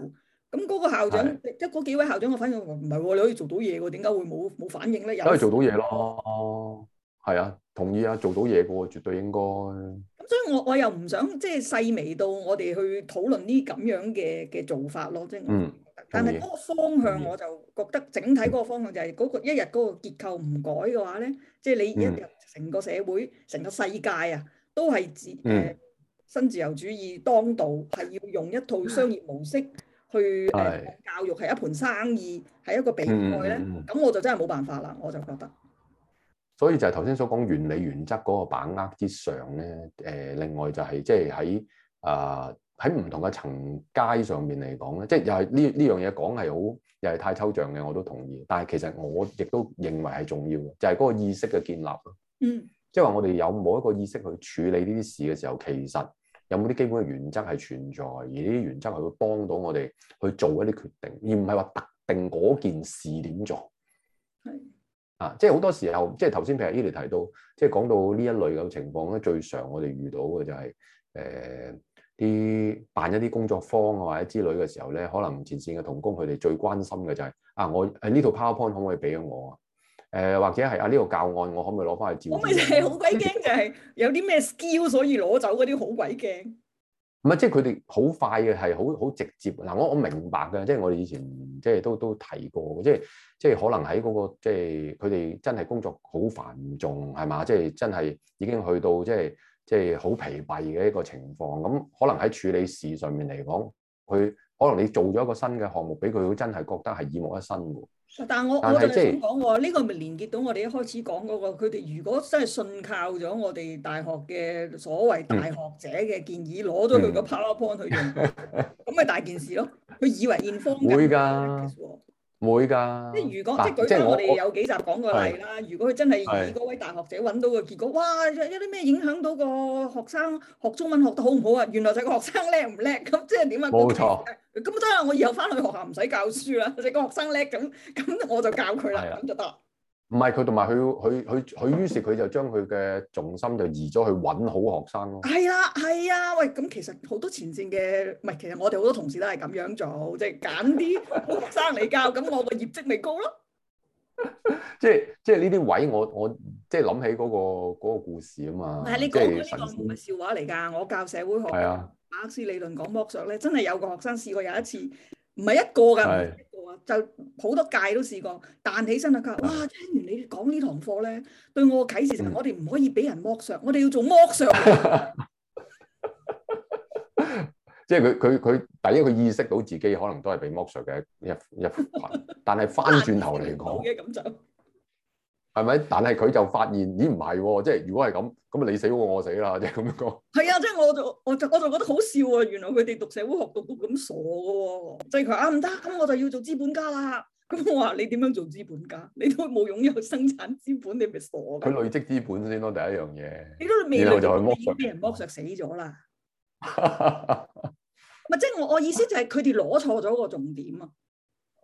咁嗰個校長，是即係嗰幾位校長，我反正唔係，你可以做到嘢嘅，點解會冇冇反應咧？都可以做到嘢咯。係啊，同意啊，做到嘢嘅喎，絕對應該。咁所以我我又唔想即係細微到我哋去討論呢咁樣嘅嘅做法咯，即係。嗯。但係嗰個方向我就覺得整體嗰個方向就係嗰個一日嗰個結構唔改嘅話咧，即係你一日成個社會、成個世界啊，都係自誒新自由主義當道，係要用一套商業模式去誒教育，係一盤生意，係一個比賽咧。咁我就真係冇辦法啦，我就覺得。所以就係頭先所講原理原則嗰個把握之上咧，誒、呃、另外就係、是、即係喺啊喺唔同嘅層階上面嚟講咧，即係又係呢呢樣嘢講係好又係太抽象嘅，我都同意。但係其實我亦都認為係重要嘅，就係、是、嗰個意識嘅建立咯。嗯，即係話我哋有冇一個意識去處理呢啲事嘅時候，其實有冇啲基本嘅原則係存在，而呢啲原則係會幫到我哋去做一啲決定，而唔係話特定嗰件事點做。係。啊！即係好多時候，即係頭先譬如 Eli 提到，即係講到呢一類嘅情況咧，最常我哋遇到嘅就係誒啲辦一啲工作坊啊或者之類嘅時候咧，可能前線嘅同工佢哋最關心嘅就係、是、啊，我誒呢、啊、套、這個、PowerPoint 可唔可以俾咗我、呃、啊？誒或者係啊呢個教案我可唔可以攞翻去照？我咪就係好鬼驚，就係有啲咩 skill 所以攞走嗰啲好鬼驚。唔係，即係佢哋好快嘅係好好直接。嗱，我我明白嘅，即係我哋以前。即係都都提過，即係即係可能喺嗰個即係佢哋真係工作好繁重係嘛？即係真係已經去到即係即係好疲憊嘅一個情況。咁、嗯、可能喺處理事上面嚟講，佢可能你做咗一個新嘅項目，俾佢，佢真係覺得係耳目一新喎。但係我但是、就是、我就想講喎，呢、哦，這個咪連結到我哋一開始講嗰、那個，佢哋如果真係信靠咗我哋大學嘅所謂大學者嘅建議，攞咗佢、嗯、個 PowerPoint、嗯、去用，咁咪 <laughs> 大件事咯。佢以為現方噶。會的會噶，即係如果不即係舉翻我哋有幾集講過例啦。是如果佢真係以嗰位大學者揾到嘅結果，是哇，有啲咩影響到個學生學中文學得好唔好啊？原來就係個學生叻唔叻，咁即係點啊？冇錯，咁真係，我以後翻去學校唔使教書啦。就錯個學生叻，咁咁我就教佢啦，咁的就得。唔係佢，同埋佢，佢，佢，佢於是佢就將佢嘅重心就移咗去搵好學生咯。係啦、啊，係啊，喂，咁其實好多前綫嘅，唔係，其實我哋好多同事都係咁樣做，即係揀啲好學生嚟教，咁 <laughs> 我個業績咪高咯。即係，即係呢啲位我，我我即係諗起嗰、嗰個、嗰個故事啊嘛。係你講呢個唔係笑話嚟㗎，我教社會學，啊、馬克思理論講剝削咧，真係有個學生試過有一次。唔係一個㗎是，就好多屆都試過彈起身啊！佢話：哇，聽完你講呢堂課咧，對我嘅啟示就、嗯、我哋唔可以俾人剝削，我哋要做剝削。即係佢佢佢第一，佢意識到自己可能都係被剝削嘅一一款，一 <laughs> 但係翻轉頭嚟 <laughs> 講。係咪？但係佢就發現咦，唔係喎，即係如果係咁，咁你死我，我死啦，即係咁樣講。係啊，即係我，我就我就我就覺得好笑啊、哦。原來佢哋讀社會學讀到咁傻嘅喎、哦，即係佢啊唔得，咁我就要做資本家啦。咁我話你點樣做資本家？你都冇擁有生產資本，你咪傻。佢累積資本先咯，第一樣嘢。你都未累積，已經被人剝削死咗啦。唔係， <laughs> 即係我我意思就係佢哋攞錯咗個重點啊。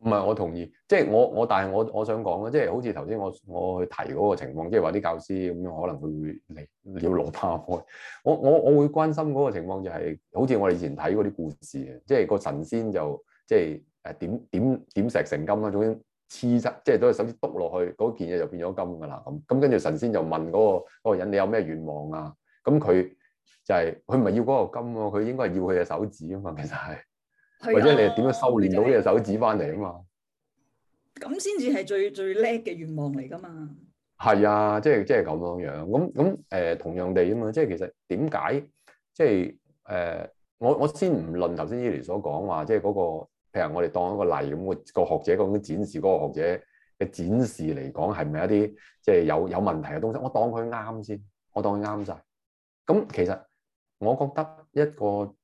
唔係，我同意，即係我我，但係我我想講咧，即係好似頭先我我去提嗰個情況，即係話啲教師咁樣可能會嚟了攞趴開。我我我會關心嗰個情況就係、是，好似我哋以前睇嗰啲故事啊，即係個神仙就即係誒點點點石成金啦，總之黐實，即係都隻手指篤落去嗰件嘢就變咗金㗎啦。咁咁跟住神仙就問嗰個嗰個人你有咩願望啊？咁佢就係佢唔係要嗰個金喎，佢應該係要佢隻手指啊嘛，其實係。或者你點樣修練到呢隻手指翻嚟啊嘛？咁先至係最最叻嘅願望嚟噶嘛？係啊，即係即係咁樣。咁咁誒，同樣地啊嘛，即係其實點解即係誒？我我先唔論頭先伊研所講話，即係嗰個，譬如我哋當一個例咁個個學者嗰種展示，嗰個學者嘅展示嚟講，係咪一啲即係有有問題嘅東西？我當佢啱先，我當佢啱晒，咁其實我覺得一個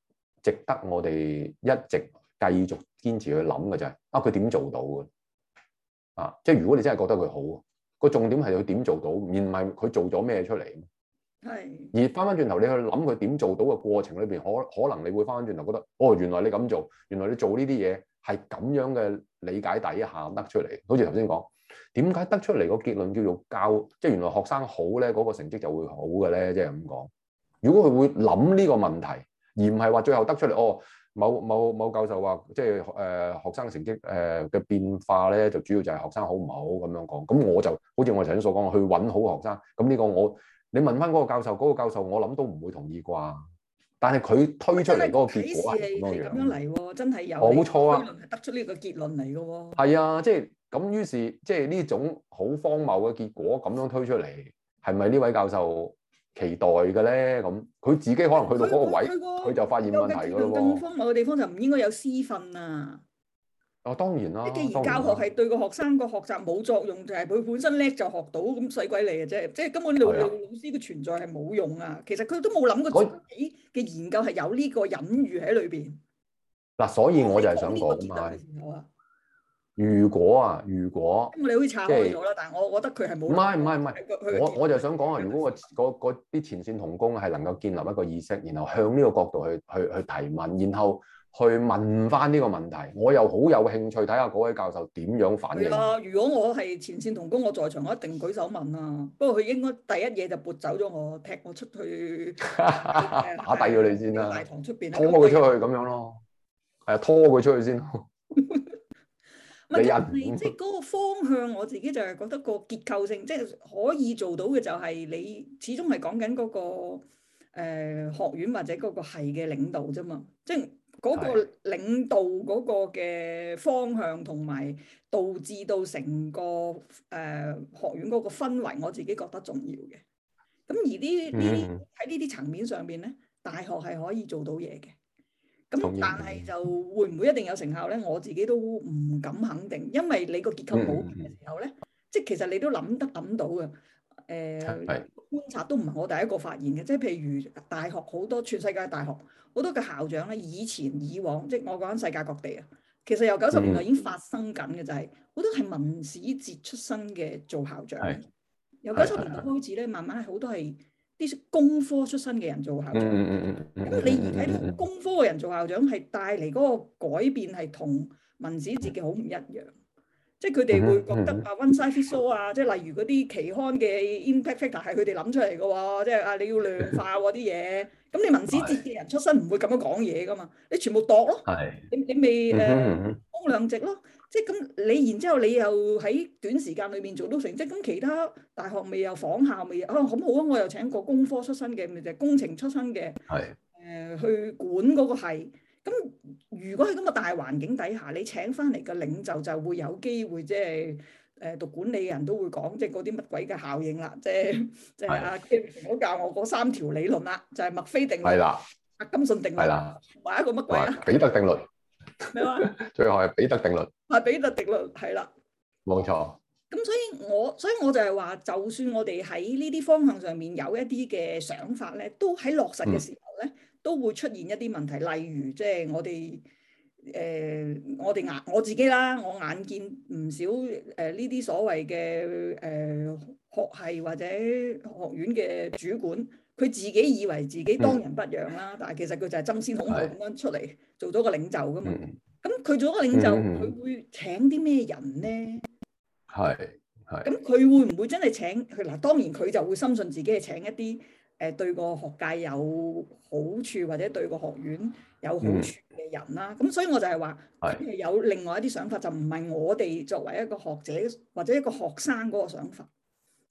值得我哋一直繼續堅持去諗嘅就係啊，佢點做到嘅啊？即係如果你真係覺得佢好，個重點係佢點做到，而唔係佢做咗咩出嚟。係而翻翻轉頭，你去諗佢點做到嘅過程裏邊，可可能你會翻翻轉頭覺得哦，原來你咁做，原來你做呢啲嘢係咁樣嘅理解底下得出嚟。好似頭先講，點解得出嚟個結論叫做教，即係原來學生好咧，嗰個成績就會好嘅咧，即係咁講。如果佢會諗呢個問題。而唔係話最後得出嚟，哦，某某某，某教授話，即係誒學生嘅成績誒嘅、呃、變化咧，就主要就係學生好唔好咁樣講。咁我就好似我頭先所講，去揾好學生。咁呢個我你問翻嗰個教授，嗰、嗰個教授我諗都唔會同意啩。但係佢推出嚟嗰個結果係咁樣嚟喎？真係有冇錯啊？得出呢個結論嚟嘅喎。係、哦、啊，即係咁於是即係呢種好荒謬嘅結果咁樣推出嚟，係咪呢位教授？期待嘅咧，咁佢自己可能去到嗰個位，佢就發現問題咯喎。有嘅，有更荒謬嘅地方就唔應該有私訓啊。哦，當然啦。然既然教學係對個學生個學習冇作用，就係、是、佢本身叻就學到，咁使鬼嚟嘅啫，即係根本老老老師嘅存在係冇用啊。其實佢都冇諗過自己嘅研究係有呢個隱喻喺裏邊。嗱、啊，所以我就係想講啊。嗯如果啊，如果即係，咁我哋可以拆開咗啦。但係我覺得佢係冇。唔係唔係唔係，我我就想講啊。如果我個啲前線同工係能夠建立一個意識，然後向呢個角度去去去提問，然後去問翻呢個問題，我又好有興趣睇下嗰位教授點樣反應。如果我係前線同工，我在場，我一定舉手問啊。不過佢應該第一嘢就撥走咗我，踢我出去打底咗你先啦。大堂出邊拖佢出去咁樣咯，係啊，拖佢出去先。唔即係嗰個方向，我自己就係覺得個結構性即係、就是、可以做到嘅，就係你始終係講緊嗰個誒、呃、學院或者嗰個系嘅領導啫嘛。即係嗰個領導嗰個嘅方向同埋導致到成個誒、呃、學院嗰個氛圍，我自己覺得重要嘅。咁而呢呢啲喺呢啲層面上面咧，大學係可以做到嘢嘅。咁、嗯、意但係就會唔會一定有成效咧？我自己都唔敢肯定，因為你個結構冇變嘅時候咧，嗯、即係其實你都諗得諗到嘅。誒、呃、是觀察都唔係我第一個發現嘅，即係譬如大學好多全世界大學好多嘅校長咧，以前以往即係我講緊世界各地啊，其實由九十年代已經發生緊嘅、嗯、就係、是、好多係文史哲出身嘅做校長，是由九十年代開始咧，慢慢好多係，啲工科出身嘅人做校長，咁、嗯嗯嗯、你而家工科嘅人做校長係帶嚟嗰個改變係同文史哲嘅好唔一樣，即係佢哋會覺得啊 one size fits all 啊，即係例如嗰啲期刊嘅 impact factor 係佢哋諗出嚟嘅喎，即係啊你要量化喎啲嘢，咁你文史哲嘅人出身唔會咁樣講嘢噶嘛，你全部度咯，嗯嗯、你你未誒風涼直咯。即係咁，你然之後你又喺短時間裏面做到成績，咁其他大學未有，仿效未啊咁好啊！行行我又請個工科出身嘅，咪就工程出身嘅，誒是、呃、去管嗰個係。咁、嗯、如果喺咁嘅大環境底下，你請翻嚟嘅領袖就會有機會，即係誒讀管理人都會講，即係嗰啲乜鬼嘅效應啦，即係即係阿我教我嗰三條理論啦，就係、是、墨菲定律，係啦的，阿、啊、金信定律，係啦的，話一個乜鬼啊？彼得定律。 <laughs> 最後係彼得定律，係彼得定律係啦，冇錯。咁錯所以我所以我就係話，就算我哋喺呢啲方向上面有一啲嘅想法咧，都喺落實嘅時候咧，嗯、都會出現一啲問題。例如，即係我哋誒，我哋眼我自己啦，我眼見唔少誒呢啲所謂嘅誒、呃、學系或者學院嘅主管。佢自己以為自己當仁不讓啦，嗯、但係其實佢就係爭先恐後咁樣出嚟做咗個領袖㗎嘛。咁佢、嗯、做咗個領袖，佢、嗯、會請啲咩人咧？係係、嗯。咁佢會唔會真係請佢嗱？當然佢就會深信自己係請一啲誒、呃、對個學界有好處或者對個學院有好處嘅人啦。咁、嗯、所以我就係話，嗯、有另外一啲想法，就唔係我哋作為一個學者或者一個學生嗰個想法。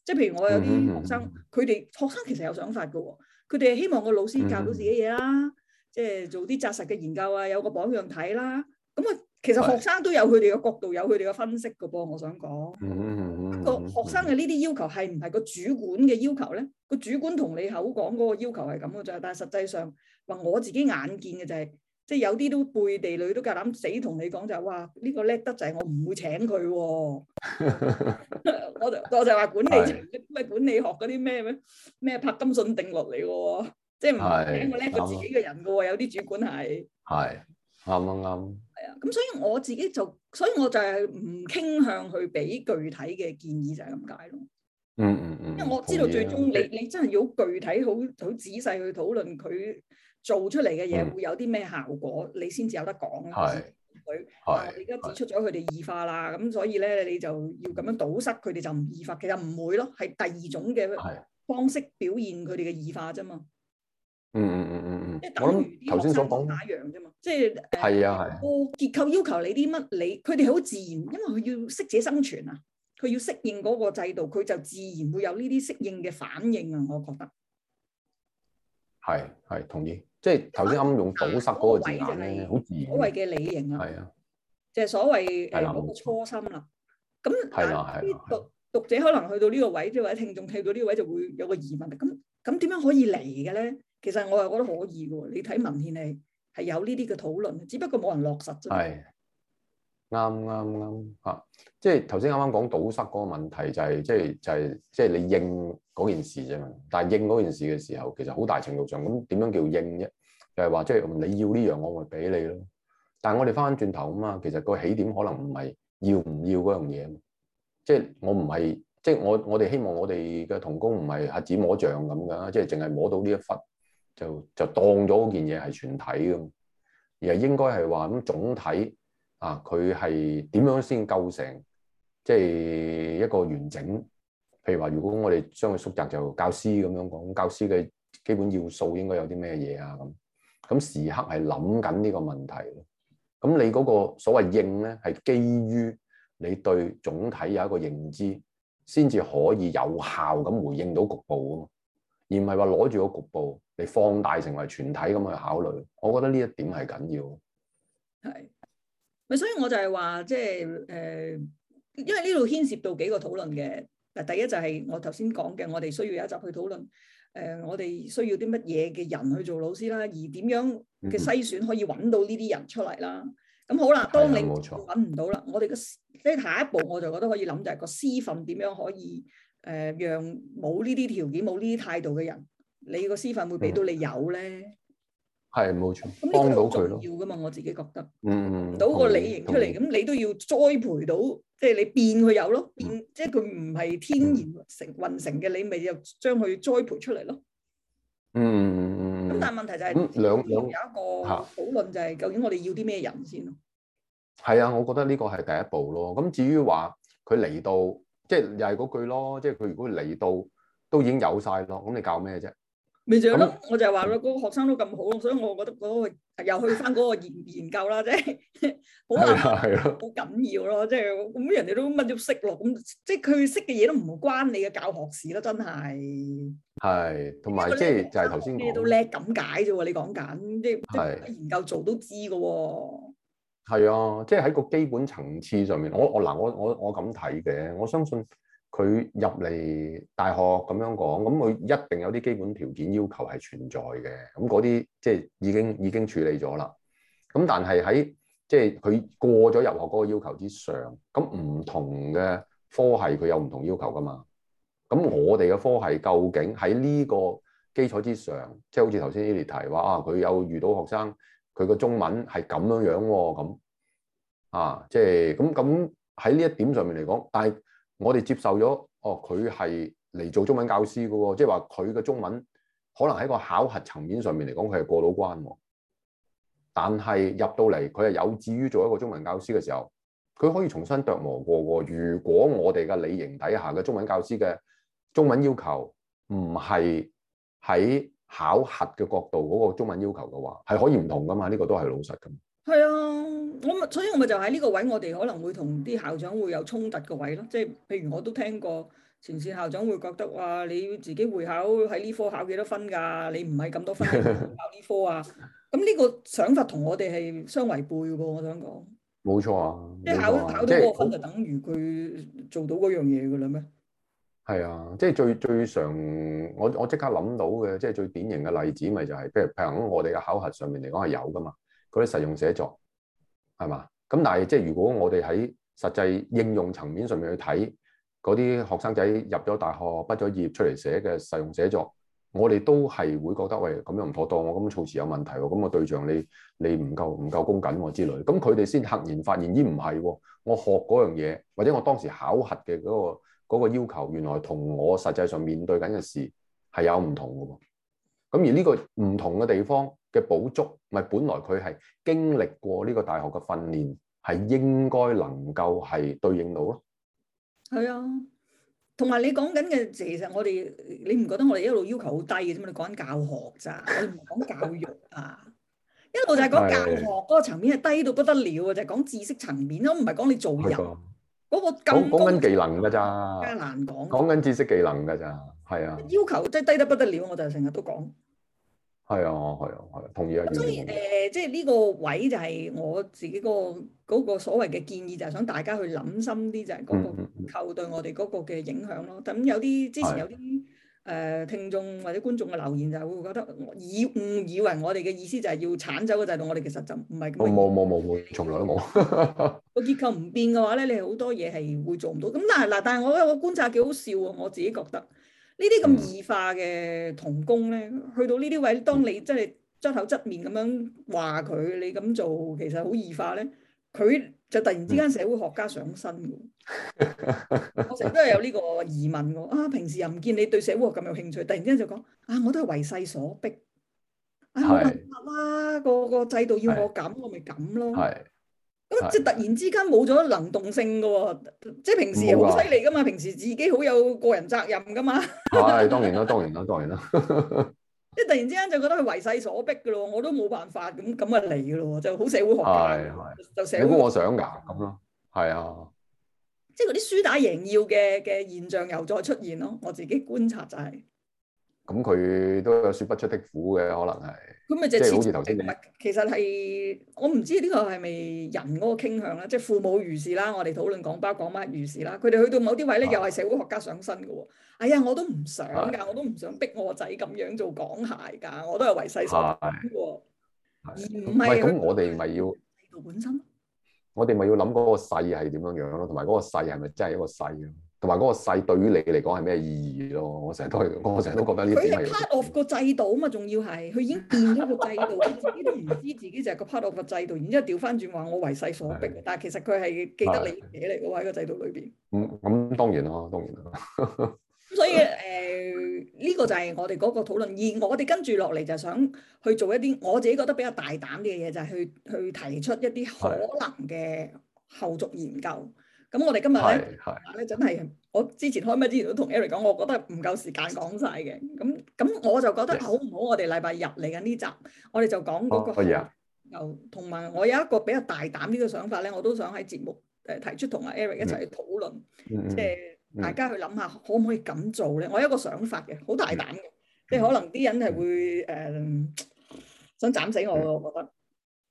即係譬如我有啲學生，佢哋、嗯嗯、學生其實有想法嘅喎，佢哋係希望個老師教到自己嘢啦，即係、嗯、做啲紮實嘅研究啊，有個榜樣睇啦。咁、嗯、啊，其實學生都有佢哋嘅角度，有佢哋嘅分析嘅噃。我想講，不過、嗯嗯嗯嗯、學生嘅呢啲要求係唔係個主管嘅要求咧？個主管同你口講嗰個要求係咁嘅啫，但係實際上，話我自己眼見嘅就係、是，即、就、係、是、有啲都背地裏都夠膽死同你講就係、是，哇！呢、這個叻得就係我唔會請佢喎。 <laughs> 我就我就話管理咩管理學嗰啲咩咩咩帕金遜定律嚟嘅，即係唔係我叻過自己嘅人嘅喎，有啲主管係係啱啊啱係啊，咁所以我自己就所以我就係唔傾向去俾具體嘅建議就係咁解咯。嗯嗯嗯，嗯因為我知道最終你、嗯、你真係要好具體好好、嗯、仔細去討論佢做出嚟嘅嘢會有啲咩效果，嗯嗯、你先至有得講。係對。佢是你而家指出咗佢哋異化啦，咁是所以咧，你就要咁樣堵塞佢哋就唔異化，其實唔會咯，係第二種嘅方式表現佢哋嘅異化啫嘛。嗯嗯嗯嗯嗯，嗯嗯即等於頭先所講打樣啫嘛，即係係啊係。結構要求你啲乜？你佢哋好自然，因為佢要適者生存啊，佢要適應嗰個制度，佢就自然會有呢啲適應嘅反應啊。我覺得係係同意。即係頭先啱啱用堵塞嗰個字眼咧，好自然。所謂嘅理型啊，係啊，即係所謂誒嗰個初心啦。咁，係啦係啦，讀讀者可能去到呢個位，即係或者聽眾去到呢個位就會有個疑問啦。咁咁點樣可以嚟嘅咧？其實我又覺得可以嘅喎。你睇文獻係係有呢啲嘅討論，只不過冇人落實啫。係啱啱啱嚇，即係頭先啱啱講堵塞嗰個問題就係即係就係即係你應嗰件事啫嘛。但係應嗰件事嘅時候，其實好大程度上咁點樣叫應一？就係話，即係你要呢樣我咪俾你咯。但係我哋翻轉頭啊嘛，其實個起點可能唔係要唔要嗰樣嘢，即係我唔係即係我我哋希望我哋嘅童工唔係瞎子摸象咁噶，即係淨係摸到呢一忽就就當咗件嘢係全體咁，而係應該係話，咁總體啊，佢係點樣先構成即係、就是、一個完整？譬如話如果我哋將佢縮窄就教師咁樣講，教師嘅基本要素應該有啲咩嘢啊咁？咁時刻係諗緊呢個問題咯。咁你嗰個所謂應咧，係基於你對總體有一個認知，先至可以有效咁回應到局部啊嘛。而唔係話攞住個局部，你放大成為全體咁去考慮。我覺得呢一點係緊要。係咪？所以我就係話，即係誒，因為呢度牽涉到幾個討論嘅。嗱，第一就係我頭先講嘅，我哋需要有一集去討論。誒、呃，我哋需要啲乜嘢嘅人去做老師啦？而點樣嘅篩選可以揾到呢啲人出嚟啦？咁、嗯嗯、好啦，當你揾唔到啦，我哋嘅即係下一步，我就覺得可以諗就係、是、個師訓點樣可以誒、呃，讓冇呢啲條件、冇呢啲態度嘅人，你個師訓會俾到你有咧？嗯係冇錯，幫到佢咯。重要噶嘛，我自己覺得嗯。嗯。到個理型出嚟，咁意你都要栽培到，即、就、係、是、你變佢有咯，嗯、變即係佢唔係天然成運成嘅，嗯、你咪又將佢栽培出嚟咯。嗯。咁但係問題就係、是嗯、兩有有一個討、嗯、論就係究竟我哋要啲咩人先咯。係啊，我覺得呢個係第一步咯。咁至於話佢嚟到，即、就、係、是、又係嗰句咯，即係佢如果嚟到都已經有晒咯，咁你教咩啫？咪就係咯，那我就係話咯，嗰個學生都咁好咯，所以我覺得嗰、嗰個又去翻嗰個研 <laughs> 研究啦，即係好啊，好的緊要咯，即係咁人哋都乜都識咯，咁即係佢識嘅嘢都唔關你嘅教學事啦。真係。係，同埋即係就係頭先講，咩都叻咁解啫喎，你講緊即係研究做都知㗎喎。係啊，即係喺個基本層次上面，我我嗱我我我咁睇嘅，我相信。佢入嚟大學咁樣講，咁佢一定有啲基本條件要求係存在嘅，咁嗰啲即係已經已經處理咗啦。咁但係喺即係佢過咗入學嗰個要求之上，咁唔同嘅科系佢有唔同要求噶嘛。咁我哋嘅科系究竟喺呢個基礎之上，即係好似頭先 Eli 提話啊，佢有遇到學生佢個中文係咁樣樣喎，咁啊，即係咁咁喺呢一點上面嚟講，但係。我哋接受咗，哦，佢係嚟做中文教師嘅喎，哦，即係話佢嘅中文可能喺個考核層面上面嚟講，佢係過到關，哦。但係入到嚟，佢係有志於做一個中文教師嘅時候，佢可以重新琢磨過，哦。如果我哋嘅理型底下嘅中文教師嘅中文要求唔係喺考核嘅角度嗰個中文要求嘅話，係可以唔同噶嘛？呢個都係老實咁。係啊，我咪所以我咪就喺呢個位，我哋可能會同啲校長會有衝突個位咯。即係譬如我都聽過，前線校長會覺得話你自己會考喺呢科考幾多，多分㗎？你唔係咁多分考呢科啊？咁呢個想法同我哋係相違背嘅噃，我想講。冇錯啊，冇錯啊，即係考考到嗰分即係就等於佢做到嗰樣嘢㗎啦咩？係啊，即係最最常我我即刻諗到嘅，即係最典型嘅例子咪就係譬如譬如我哋嘅考核上面嚟講係有㗎嘛。嗰啲實用寫作係嘛？咁但係即係如果我哋喺實際應用層面上面去睇嗰啲學生仔入咗大學、畢咗業出嚟，寫嘅實用寫作，我哋都係會覺得喂，咁樣唔妥當，咁措辭有問題，咁個對象你你唔夠唔夠恭謹、啊、之類。咁佢哋先赫然發現咦，唔係，我學嗰樣嘢，或者我當時考核嘅嗰、嗰個、嗰個要求，原來同我實際上面對緊嘅事係有唔同嘅。咁而呢個唔同嘅地方嘅補足。唔係本來佢係經歷過呢個大學嘅訓練，係應該能夠係對應到咯。係啊，同埋你講緊嘅，其實我哋你唔覺得我哋一路要求好低嘅啫嘛？你講緊教學咋，唔講教育啊，一路就係講教學嗰個層面係低到不得了啊！的就係講知識層面咯，唔係講你做人嗰的個講緊技能噶咋，難講。講緊知識技能噶咋，係啊，要求真係、就是、低得不得了，我就成日都講。係啊，係啊，係、啊。同意啊。所以誒、呃，即係呢個位就係我自己、那個嗰、那個所謂嘅建議，就係想大家去諗深啲，就係個結構對我哋嗰個嘅影響咯。咁、嗯嗯嗯、有啲之前有啲誒的、呃、聽眾或者觀眾嘅留言就係會覺得以誤以為我哋嘅意思就係要鏟走個制度我，我哋其實就唔係咁。冇冇冇冇，從來都冇。個 <laughs> 結構唔變嘅話咧，你好多嘢係會做唔到。咁但係嗱，但係我有個觀察幾好笑喎，我自己覺得。呢啲咁異化嘅同工咧，去到呢啲位，當你真係側口側面咁樣話佢，你咁做其實好異化咧，佢就突然之間社會學家上身嘅。 <laughs> 我成日都係有呢個疑問喎，啊平時又唔見你對社會學咁有興趣，突然之間就講，啊我都係為勢所逼，啊物物啦，個是、嗰個制度要我咁，是我咪咁咯。咁即係突然之間冇咗能動性嘅喎、哦，即係平時好犀利噶嘛，平時自己好有個人責任噶嘛。 <laughs> 啊，當然啦，當然啦，當然啦。即 <laughs> 係突然之間就覺得佢為勢所逼嘅咯，我都冇辦法咁咁啊嚟嘅咯，就好社會學嘅，啊、就社會。如果我想捱咁咯，係啊。即係嗰啲輸打贏要嘅嘅現象又再出現咯，我自己觀察就係、是。咁佢、嗯、都有說不出的苦嘅，可能係。咁咪即係好似頭先咁，其實係我唔知呢個係咪人嗰個傾向啦。即係父母如是啦，我哋討論講包講乜如是啦。佢哋去到某啲位咧，啊、又係社會學家上身㗎喎。哎呀，我都唔想㗎的，我都唔想逼我個仔咁樣做講鞋㗎。我都係為世心係。唔係咁，我哋咪要。本身。我哋咪要諗嗰個細係點樣樣咯，同埋嗰個細係咪真係一個世？啊？同埋嗰個勢對於你嚟講係咩意義咯？我成日都係，我成日都覺得呢啲係佢係 part of 個制度啊嘛，仲要係佢已經變咗個制度， <laughs> 自己都唔知自己就係個 part of 個制度，然之後調翻轉話我為勢所逼，的但係其實佢係記得你嘢嚟嘅喺個制度裏邊。嗯，咁當然咯，當然啦。咁 <laughs> 所以誒，呢、呃呢個就係我哋嗰個討論，而我哋跟住落嚟就想去做一啲我自己覺得比較大膽啲嘅嘢，就係、係、去去提出一啲可能嘅後續研究。咁我哋今日咧，咧真係我之前開咩之前都同 Eric 講，我覺得唔夠時間講晒嘅。咁、嗯、咁我就覺得好唔好？Yes. 我哋禮拜日嚟緊呢集，我哋就講嗰個。啊。又同埋我有一個比較大膽啲嘅想法咧，我都想喺節目誒提出，同阿 Eric 一齊去討論，即係、mm. 大家去諗下、mm. 可唔可以咁做咧？我有一個想法嘅，好大膽嘅，mm. 即係可能啲人係會誒、uh, 想斬死我我覺得。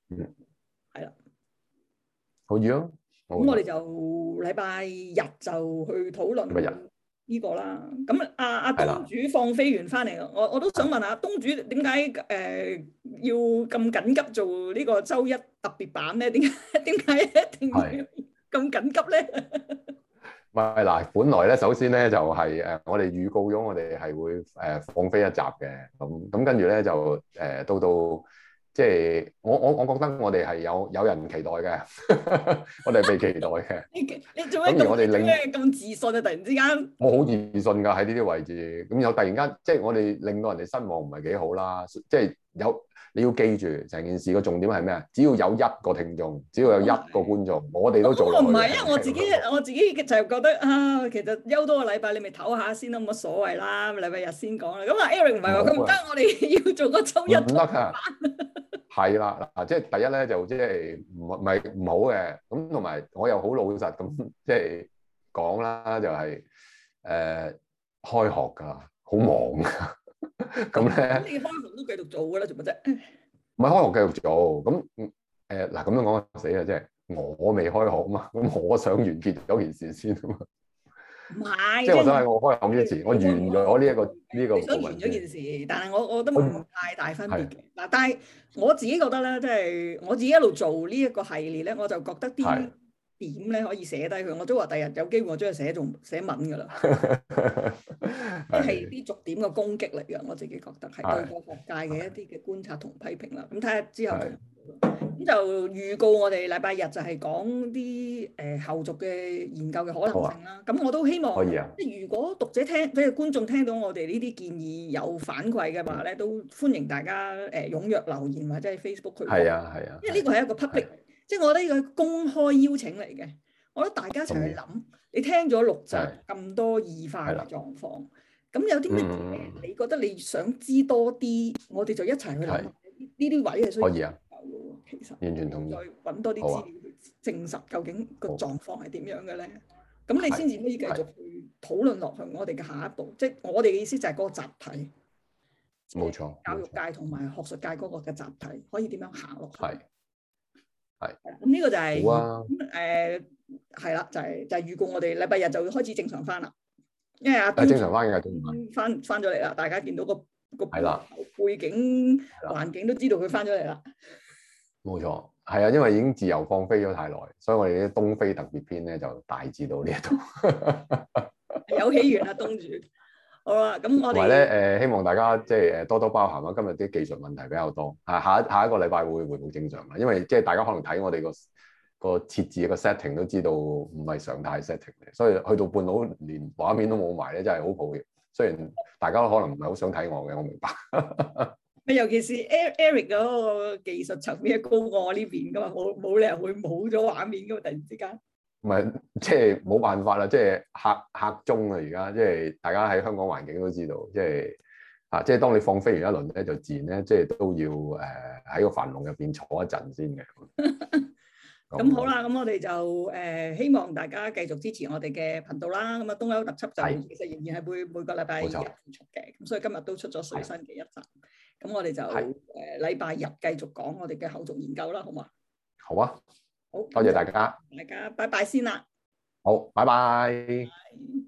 嗯、mm. mm. 了。係啦。好以咁我哋就禮拜日就去討論呢個啦。咁阿阿東主放飛完翻嚟咯。我我都想問下東主點解誒要咁緊急做呢個週一特別版咧？點解點解一定要咁緊急咧？唔係嗱，本來咧，首先咧就係誒，我哋預告咗我哋係會誒放飛一集嘅。咁咁跟住咧就誒到到。即係我我我覺得我哋係有有人期待嘅， <laughs> 我哋被期待嘅。 <laughs> 你你做咩咁咁自信啊？突然之間，我好自信㗎，喺呢啲位置咁，又突然間即係我哋令到人哋失望唔係幾好啦。即係有你要記住，成件事個重點係咩啊？只要有一個聽眾，只要有一個觀眾，我哋是都做唔到。唔係，因為我自己我自己就覺得啊，其實休多個禮拜你咪唞下先都冇乜所謂啦。禮拜日先講啦。咁啊，Eric 唔係話咁唔得， <laughs> 我哋要做個周一唔得。係啦，嗱，即係第一咧，就即係唔唔係唔好嘅，咁同埋我又好老實咁即係講啦，就係誒開學噶，好忙噶，咁咧你開學都繼續做噶啦，做乜啫？唔係開學繼續做，咁誒嗱咁樣講死啦，即係我未開學啊嘛，咁我想完結有件事先啊嘛。唔係，即係我想我我講啲事。是我完咗呢一個呢個。你想完咗件事，但係我我都冇太大分別嘅嗱。嗯、但係我自己覺得咧，即係我自己一路做呢一個系列咧，我就覺得啲點咧可以寫低佢。是我都話第日有機會我將佢寫仲寫文㗎啦，即係啲逐點嘅攻擊力嘅。我自己覺得係對個學界嘅一啲嘅觀察同批評啦。咁睇下之後。咁就預告我哋禮拜日就係講啲誒後續嘅研究嘅可能性啦。咁我都希望，可以啊，即係如果讀者聽，即係觀眾聽到我哋呢啲建議有反饋嘅話咧，都歡迎大家誒踴躍留言或者喺 Facebook 去。係啊，係啊。因為呢個係一個 public，即係我覺得呢個公開邀請嚟嘅。我覺得大家一齊去諗。你聽咗六集咁多異化嘅狀況，咁有啲咩？你覺得你想知多啲，我哋就一齊去諗。呢啲位係需要。其實完全同意，再揾多啲資料去證實究竟個狀況係點樣嘅咧，咁你先至可以繼續去討論落去我哋嘅下一步。即係我哋嘅意思就係嗰個集體，冇錯，教育界同埋學術界嗰個嘅集體可以點樣行落去？係係，咁呢個就係，咁誒係啦，就係就係預告我哋禮拜日就會開始正常返啦。因為阿，正常返嘅係正常返，返返咗嚟啦，大家見到個個背景環境都知道佢返咗嚟啦。冇錯，係啊，因為已經自由放飛咗太耐，所以我哋啲東飛特別篇咧，就大致到呢一度有起源啊，東主。好啦，咁我同埋咧，誒希望大家即係誒多多包涵啊。今日啲技術問題比較多，吓下一下一個禮拜會會好正常啦。因為即係大家可能睇我哋個個設置個 setting 都知道唔係常態 setting 嚟，所以去到半路連畫面都冇埋咧，真係好抱歉。雖然大家都可能唔係好想睇我嘅，我明白。 <laughs> 尤其是 Eric 嗰個技術層面高過我呢邊噶嘛，冇冇理由會冇咗畫面噶嘛，突然之間。唔係，即係冇辦法啦，即係客客中啊！而家即係大家喺香港環境都知道，即係啊，即係當你放飛完一輪咧，就自然咧，即係都要誒喺個樊籠入邊坐一陣先嘅。咁好啦，咁我哋就誒、呃、希望大家繼續支持我哋嘅頻道啦。咁啊，東歐特輯就係其實仍然係會每個禮拜出嘅，咁所以今日都出咗最新嘅一集的。對 咁我哋就誒禮拜日繼續講我哋嘅後續研究啦，好嘛？好啊，好，多謝大家，大家拜拜先啦，好，拜拜。拜拜。